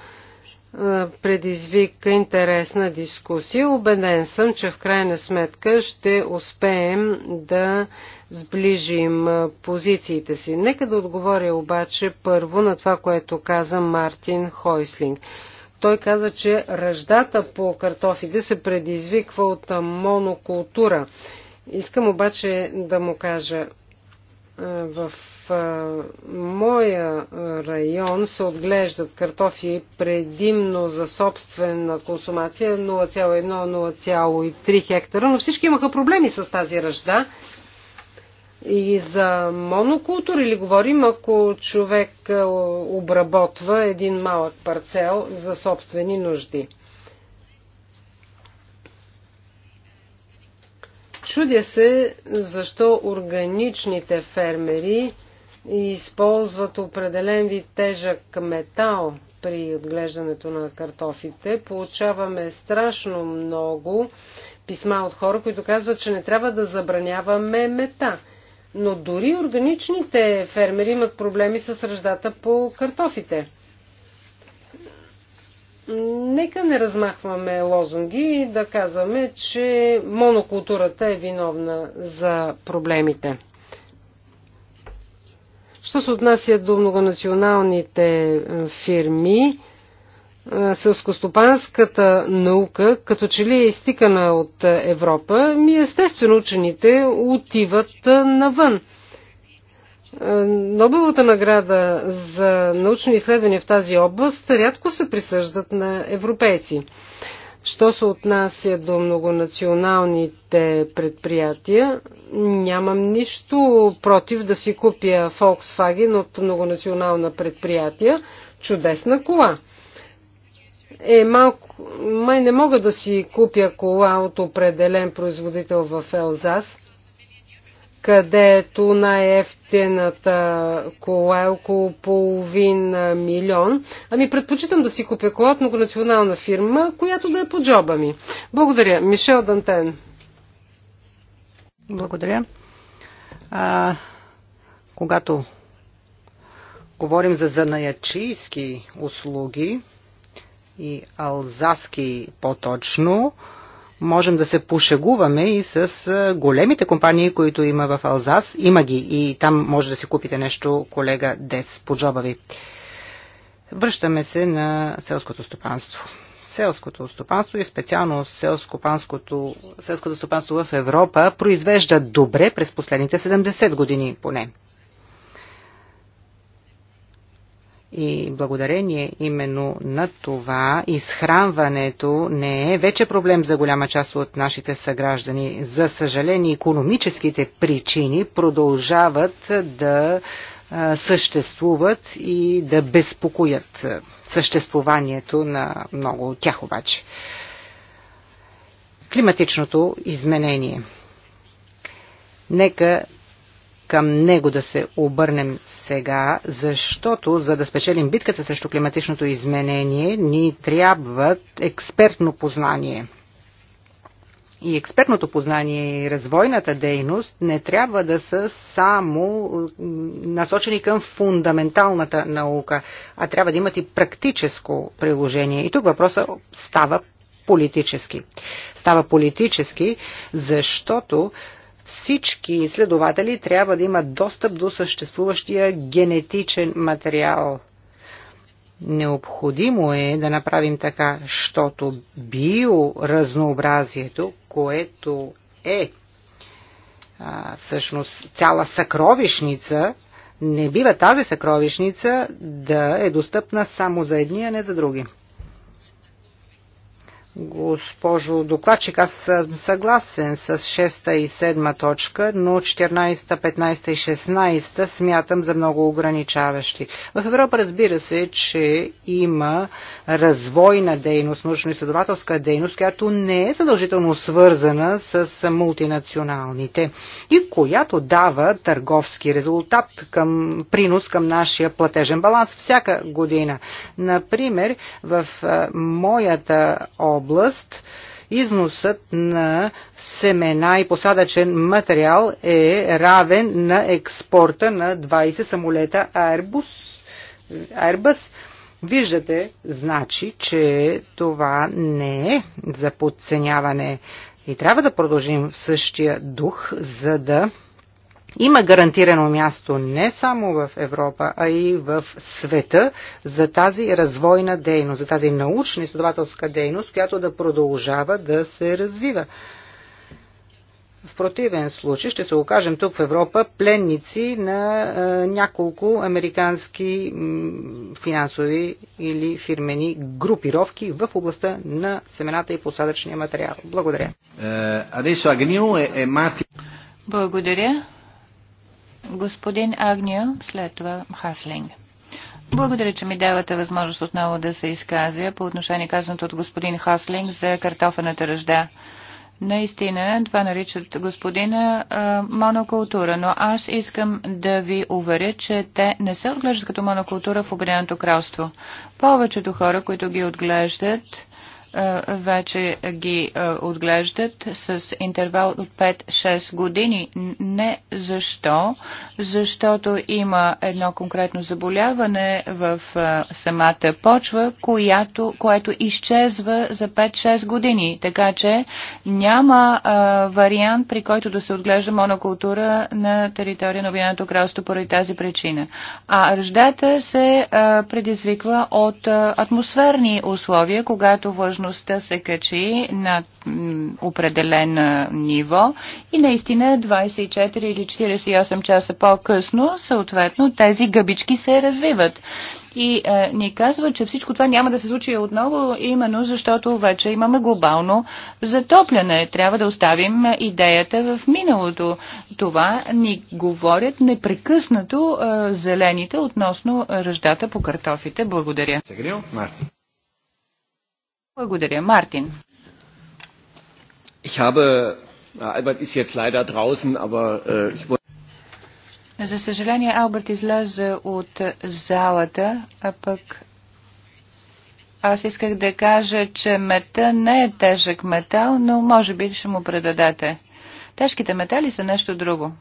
е, предизвика интересна дискусия. Обеден съм, че в крайна сметка ще успеем да сближим е, позициите си. Нека да отговоря обаче първо на това, което каза Мартин Хойслинг. Той каза, че ръждата по картофите се предизвиква от монокултура. Искам обаче да му кажа е, в моя район се отглеждат картофи предимно за собствена консумация 0,1-0,3 хектара, но всички имаха проблеми с тази ръжда. И за монокултура ли говорим, ако човек обработва един малък парцел за собствени нужди? Чудя се защо органичните фермери използват определен вид тежък метал при отглеждането на картофите. Получаваме страшно много писма от хора, които казват, че не трябва да забраняваме мета. Но дори органичните фермери имат проблеми с ръждата по картофите. Нека не размахваме лозунги и да казваме, че монокултурата е виновна за проблемите. Що се отнася до многонационалните е, фирми, е, селскостопанската наука, като че ли е изтикана от Европа, ми е естествено учените отиват навън. Нобеловата награда за научни изследвания в тази област рядко се присъждат на европейци. Що се отнася до многонационалните предприятия, нямам нищо против да си купя Volkswagen от многонационална предприятия. Чудесна кола. Е, малко, май не мога да си купя кола от определен производител в Елзас, където най ефтената кола е около половин милион. Ами предпочитам да си купя кола от многонационална фирма, която да е по джоба ми. Благодаря. Мишел Дантен. Благодаря. А, когато говорим за занаячийски
услуги и алзаски по-точно, можем да се пошегуваме и с големите компании, които има в Алзас. Има ги и там може да си купите нещо, колега Дес, по джоба ви. Връщаме се на селското стопанство. Селското стопанство и специално селското стопанство в Европа произвежда добре през последните 70 години поне. И благодарение именно на това изхранването не е вече проблем за голяма част от нашите съграждани. За съжаление, економическите причини продължават да съществуват и да безпокоят съществуванието на много от тях обаче. Климатичното изменение. Нека към него да се обърнем сега, защото за да спечелим битката срещу климатичното изменение, ни трябват експертно познание. И експертното познание и развойната дейност не трябва да са само насочени към фундаменталната наука, а трябва да имат и практическо приложение. И тук въпросът става политически. Става политически, защото всички изследователи трябва да имат достъп до съществуващия генетичен материал. Необходимо е да направим така, щото биоразнообразието, което е а, всъщност цяла съкровишница, не бива тази съкровишница да е достъпна само за едни, а не за други. Госпожо докладчик, аз съм съгласен с 6 и 7 точка, но 14, 15 и 16 смятам за много ограничаващи. В Европа разбира се, че има развойна дейност, научно-изследователска дейност, която не е задължително свързана с мултинационалните и която дава търговски резултат към принос към нашия платежен баланс всяка година. Например, в моята област област износът на семена и посадъчен материал е равен на експорта на 20 самолета Airbus. Airbus. Виждате, значи, че това не е за подценяване и трябва да продължим в същия дух, за да има гарантирано място не само в Европа, а и в света за тази развойна дейност, за тази научна изследователска дейност, която да продължава да се развива. В противен случай ще се окажем тук в Европа пленници на е, няколко американски м, финансови или фирмени групировки в областта на семената и посадъчния материал.
Благодаря. Е, е, е
Благодаря. Господин Агния, след това Хаслинг. Благодаря, че ми давате възможност отново да се изказя по отношение казаното от господин Хаслинг за картофената ръжда. Наистина, това наричат господина а, монокултура, но аз искам да ви уверя, че те не се отглеждат като монокултура в Обединеното кралство. Повечето хора, които ги отглеждат, е, вече ги е, отглеждат с интервал от 5-6 години. Не защо, защото има едно конкретно заболяване в е, самата почва, която, което изчезва за 5-6 години. Така че няма вариант, при който да се отглежда монокултура на територия на Обединеното кралство поради тази причина. А ръждата се предизвиква от атмосферни условия, когато влажно възможността се качи на определен ниво и наистина 24 или 48 часа по-късно, съответно, тези гъбички се развиват. И е, ни казва, че всичко това няма да се случи отново, именно защото вече имаме глобално затопляне. Трябва да оставим идеята в миналото. Това ни говорят непрекъснато е, зелените относно ръждата по картофите. Благодаря. Благодаря. Мартин. Ich habe, Albert ist jetzt leider draußen, aber äh, ich wollte... За съжаление, Алберт излезе от залата, а пък аз исках да кажа, че мета не е тежък метал, но може би ще му предадете. Тежките метали са нещо друго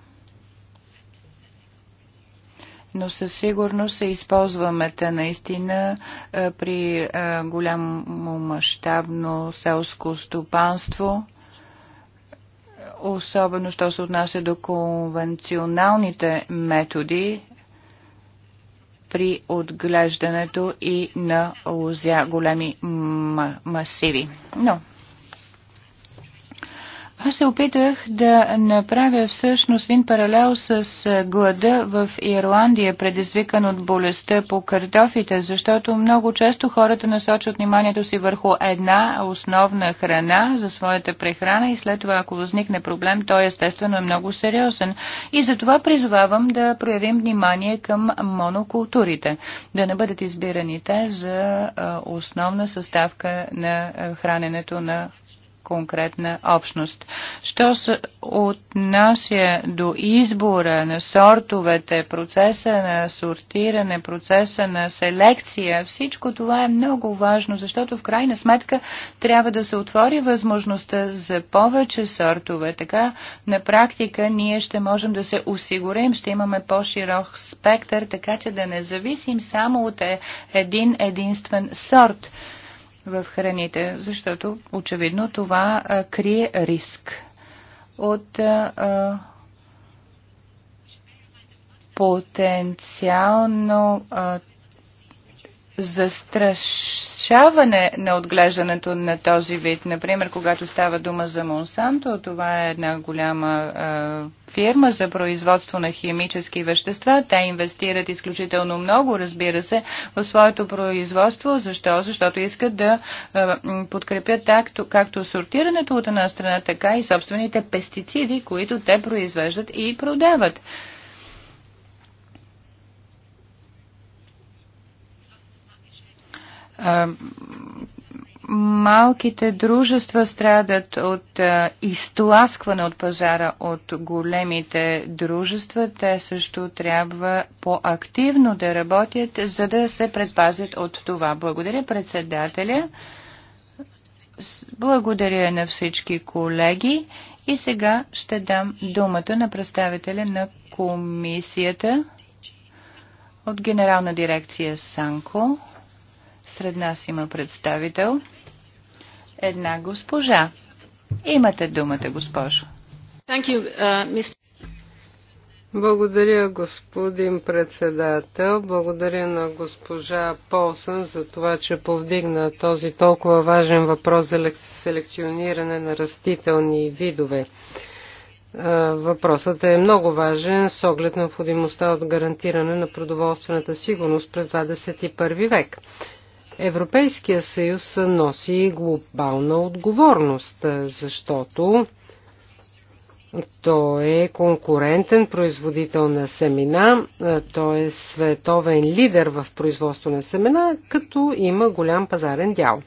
но със сигурност се използваме те наистина е, при е, голямо мащабно селско стопанство особено що се отнася до конвенционалните методи при отглеждането и на лузя големи масиви. Но аз се опитах да направя всъщност един паралел с глада в Ирландия, предизвикан от болестта по картофите, защото много често хората насочат вниманието си върху една основна храна за своята прехрана и след това, ако възникне проблем, той естествено е много сериозен. И за това призовавам да проявим внимание към монокултурите, да не бъдат избирани те за основна съставка на храненето на конкретна общност. Що се отнася до избора на сортовете, процеса на сортиране, процеса на селекция, всичко това е много важно, защото в крайна сметка трябва да се отвори възможността за повече сортове. Така на практика ние ще можем да се осигурим, ще имаме по-широк спектър, така че да не зависим само от е, един единствен сорт в храните, защото очевидно това а, крие риск от а, потенциално а, застрашаване на отглеждането на този вид. Например, когато става дума за Монсанто, това е една голяма е, фирма за производство на химически вещества. Те инвестират изключително много, разбира се, в своето производство. Защо? Защото искат да е, подкрепят такто, както сортирането от една страна, така и собствените пестициди, които те произвеждат и продават. малките дружества страдат от а, изтласкване от пазара от големите дружества. Те също трябва по-активно да работят, за да се предпазят от това. Благодаря председателя. Благодаря на всички колеги. И сега ще дам думата на представителя на комисията от Генерална дирекция Санко. Сред нас има представител. Една госпожа. Имате думата, госпожо.
Uh, Благодаря, господин председател. Благодаря на госпожа Полсън за това, че повдигна този толкова важен въпрос за селекциониране на растителни видове. Въпросът е много важен с оглед необходимостта от гарантиране на продоволствената сигурност през 21 век. Европейския съюз носи глобална отговорност, защото той е конкурентен производител на семена, той е световен лидер в производство на семена, като има голям пазарен дял.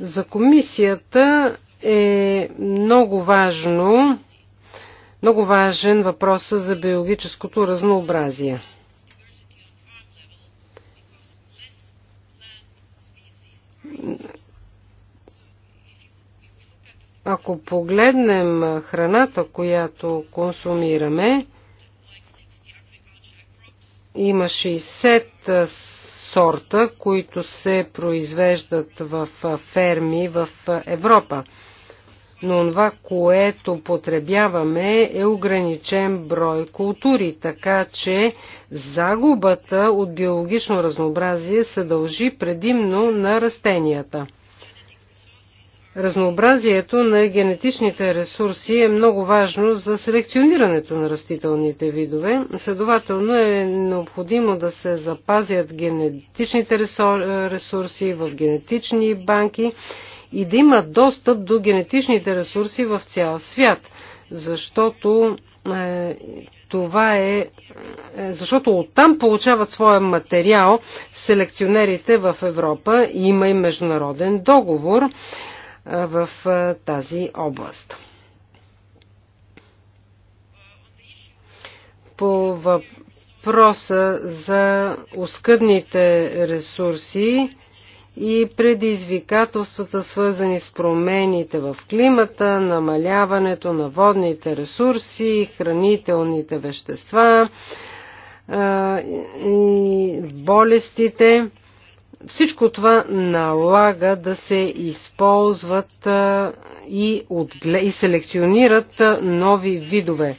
За комисията е много важно, много важен въпрос за биологическото разнообразие. Ако погледнем храната, която консумираме, има 60 сорта, които се произвеждат в ферми в Европа но това, което потребяваме е ограничен брой култури, така че загубата от биологично разнообразие се дължи предимно на растенията. Разнообразието на генетичните ресурси е много важно за селекционирането на растителните видове. Следователно е необходимо да се запазят генетичните ресурси в генетични банки и да имат достъп до генетичните ресурси в цял свят, защото е, това е, е, защото оттам получават своя материал селекционерите в Европа и има и международен договор е, в тази област. По въпроса за оскъдните ресурси, и предизвикателствата, свързани с промените в климата, намаляването на водните ресурси, хранителните вещества и болестите. Всичко това налага да се използват и, отглед... и селекционират нови видове.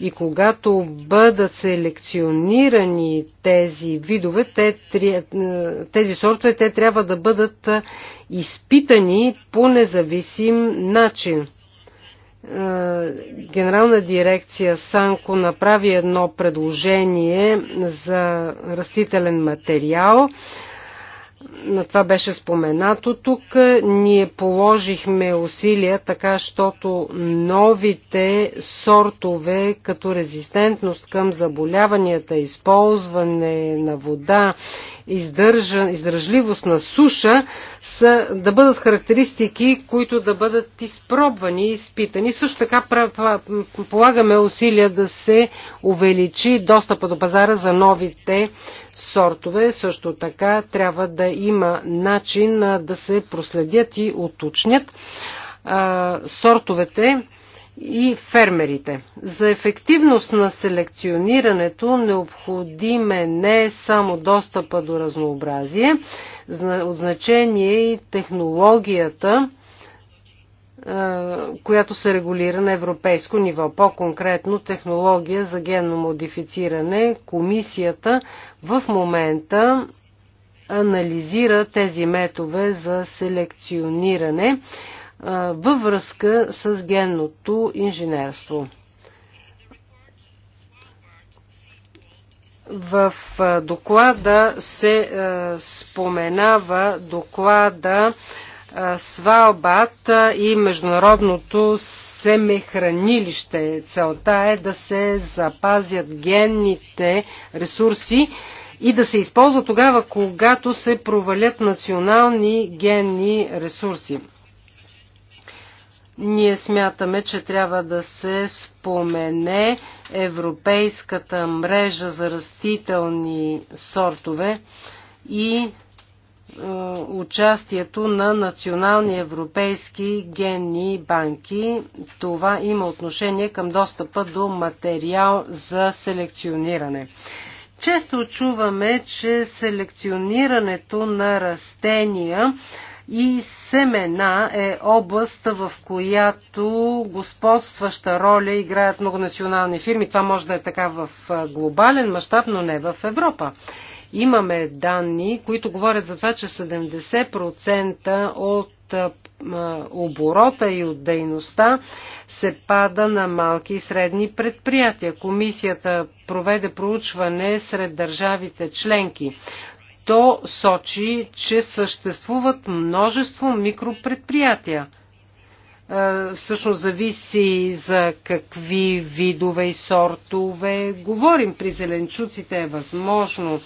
И когато бъдат селекционирани тези видове, те, тези сортове, те трябва да бъдат изпитани по независим начин. Генерална дирекция Санко направи едно предложение за растителен материал, на това беше споменато тук. Ние положихме усилия така, щото новите сортове, като резистентност към заболяванията, използване на вода, издържа, издържливост на суша, са да бъдат характеристики, които да бъдат изпробвани и изпитани. Също така полагаме усилия да се увеличи достъпа до пазара за новите сортове. Също така трябва да има начин да се проследят и уточнят сортовете и фермерите. За ефективност на селекционирането необходим е не само достъпа до разнообразие, от значение и технологията, е, която се регулира на европейско ниво. По-конкретно технология за генно модифициране. Комисията в момента анализира тези метове за селекциониране е, във връзка с генното инженерство. В е, доклада се споменава доклада Свалбат и международното семехранилище. Целта е да се запазят генните ресурси и да се използва тогава, когато се провалят национални генни ресурси. Ние смятаме, че трябва да се спомене Европейската мрежа за растителни сортове и е, участието на национални европейски генни банки. Това има отношение към достъпа до материал за селекциониране. Често чуваме, че селекционирането на растения и семена е област, в която господстваща роля играят многонационални фирми. Това може да е така в е, глобален мащаб, но не в Европа. Имаме данни, които говорят за това, че 70% от оборота и от дейността се пада на малки и средни предприятия. Комисията проведе проучване сред държавите членки. То сочи, че съществуват множество микропредприятия. също зависи за какви видове и сортове говорим. При зеленчуците е възможно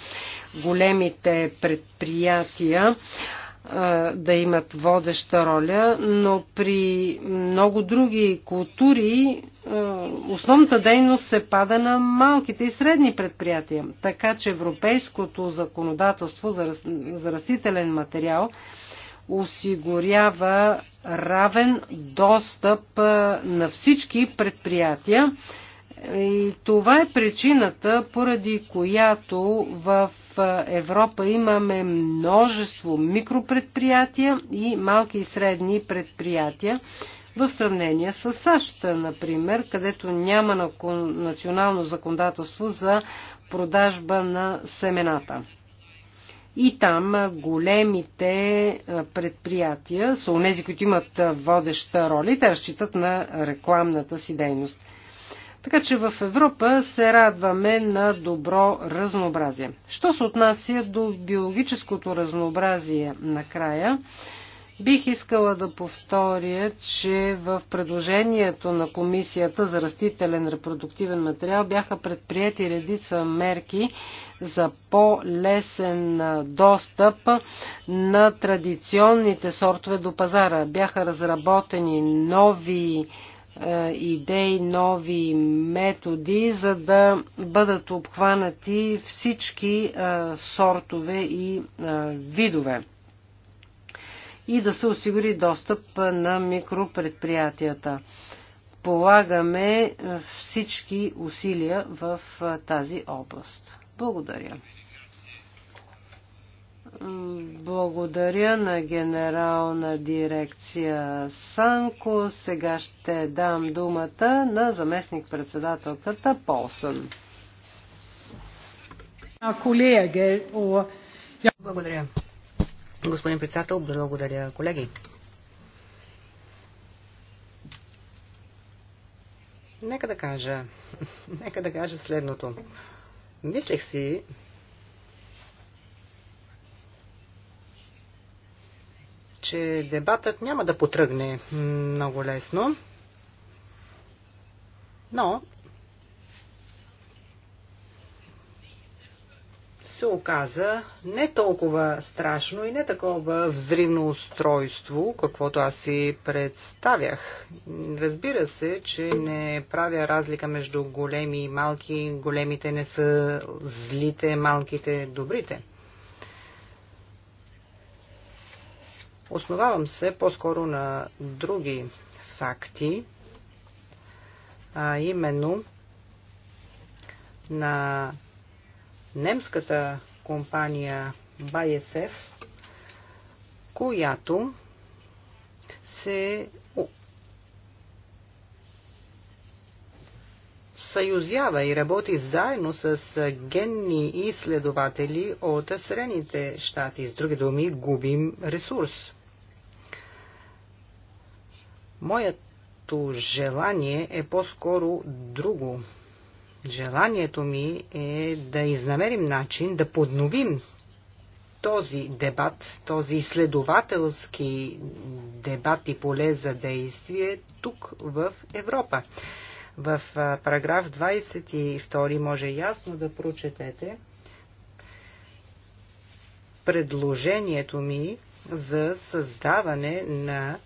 големите предприятия да имат водеща роля, но при много други култури основната дейност се пада на малките и средни предприятия. Така че европейското законодателство за растителен материал осигурява равен достъп на всички предприятия. И това е причината, поради която в Европа имаме множество микропредприятия и малки и средни предприятия в сравнение с САЩ, например, където няма национално законодателство за продажба на семената. И там големите предприятия са унези, които имат водеща роля и те разчитат на рекламната си дейност. Така че в Европа се радваме на добро разнообразие. Що се отнася до биологическото разнообразие накрая, бих искала да повторя, че в предложението на Комисията за растителен репродуктивен материал бяха предприяти редица мерки за по-лесен достъп на традиционните сортове до пазара. Бяха разработени нови е, идеи, нови методи, за да бъдат обхванати всички е, сортове и е, видове и да се осигури достъп на микропредприятията. Полагаме всички усилия в тази област. Благодаря. Благодаря на генерална дирекция Санко. Сега ще дам думата на заместник-председателката Полсън.
Благодаря. Господин председател, благодаря колеги. Нека да кажа, [LAUGHS] нека да кажа следното. Мислех си, че дебатът няма да потръгне много лесно, но се оказа не толкова страшно и не такова взривно устройство, каквото аз си представях. Разбира се, че не правя разлика между големи и малки. Големите не са злите, малките добрите. Основавам се по-скоро на други факти, а именно на немската компания BASF, която се съюзява и работи заедно с генни изследователи от Средните щати. С други думи, губим ресурс. Моето желание е по-скоро друго. Желанието ми е да изнамерим начин да подновим този дебат, този изследователски дебат и поле за действие тук в Европа. В параграф 22 може ясно да прочетете предложението ми за създаване на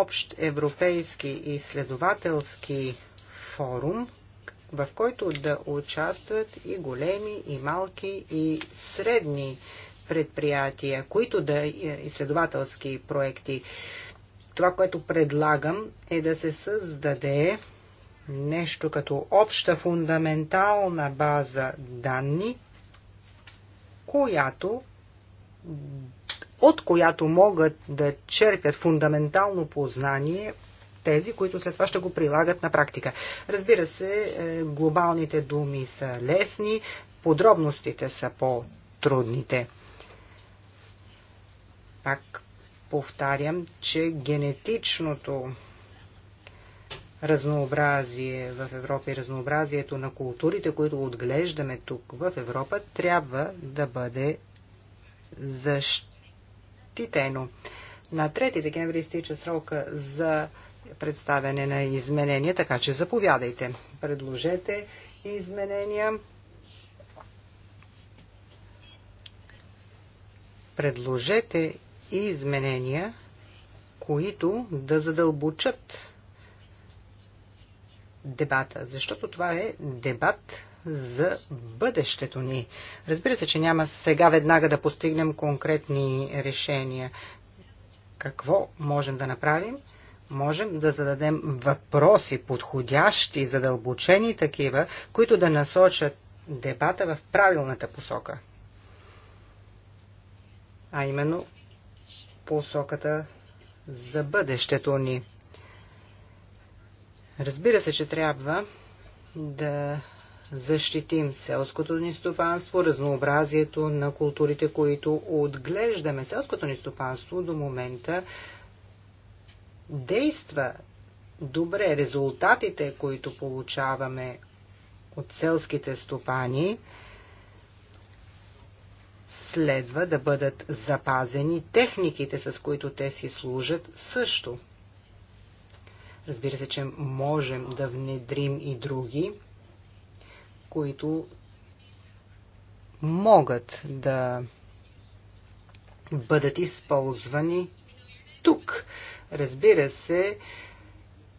общ европейски изследователски форум, в който да участват и големи, и малки, и средни предприятия, които да е, изследователски проекти. Това, което предлагам е да се създаде нещо като обща фундаментална база данни, която от която могат да черпят фундаментално познание тези, които след това ще го прилагат на практика. Разбира се, е, глобалните думи са лесни, подробностите са по-трудните. Пак повтарям, че генетичното разнообразие в Европа и разнообразието на културите, които отглеждаме тук в Европа, трябва да бъде защитено защитено. На 3 декември изтича срока за представяне на изменения, така че заповядайте. Предложете изменения. Предложете изменения, които да задълбочат дебата, защото това е дебат за бъдещето ни. Разбира се, че няма сега веднага да постигнем конкретни решения. Какво можем да направим? Можем да зададем въпроси, подходящи, задълбочени такива, които да насочат дебата в правилната посока. А именно посоката за бъдещето ни. Разбира се, че трябва да защитим селското ни стопанство, разнообразието на културите, които отглеждаме. Селското ни стопанство до момента действа добре. Резултатите, които получаваме от селските стопани, следва да бъдат запазени. Техниките, с които те си служат, също. Разбира се, че можем да внедрим и други които могат да бъдат използвани тук. Разбира се,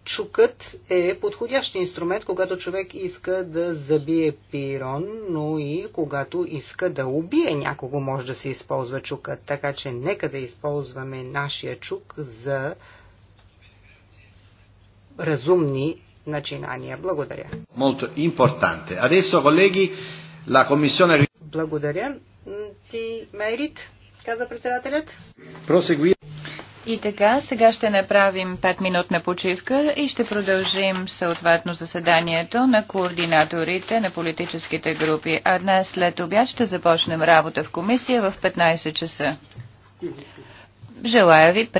чукът е подходящ инструмент, когато човек иска да забие пирон, но и когато иска да убие някого, може да се използва чукът. Така че нека да използваме нашия чук за разумни начинания. Благодаря.
Много импортанте. А Adesso, колеги, ла комисиона... Благодаря.
Ти, Мерит, каза
председателят. Просегуи. И така, сега ще направим 5-минутна почивка и ще продължим съответно заседанието на координаторите на политическите групи. А днес след обяд ще започнем работа в комисия в 15 часа. Желая ви приятно.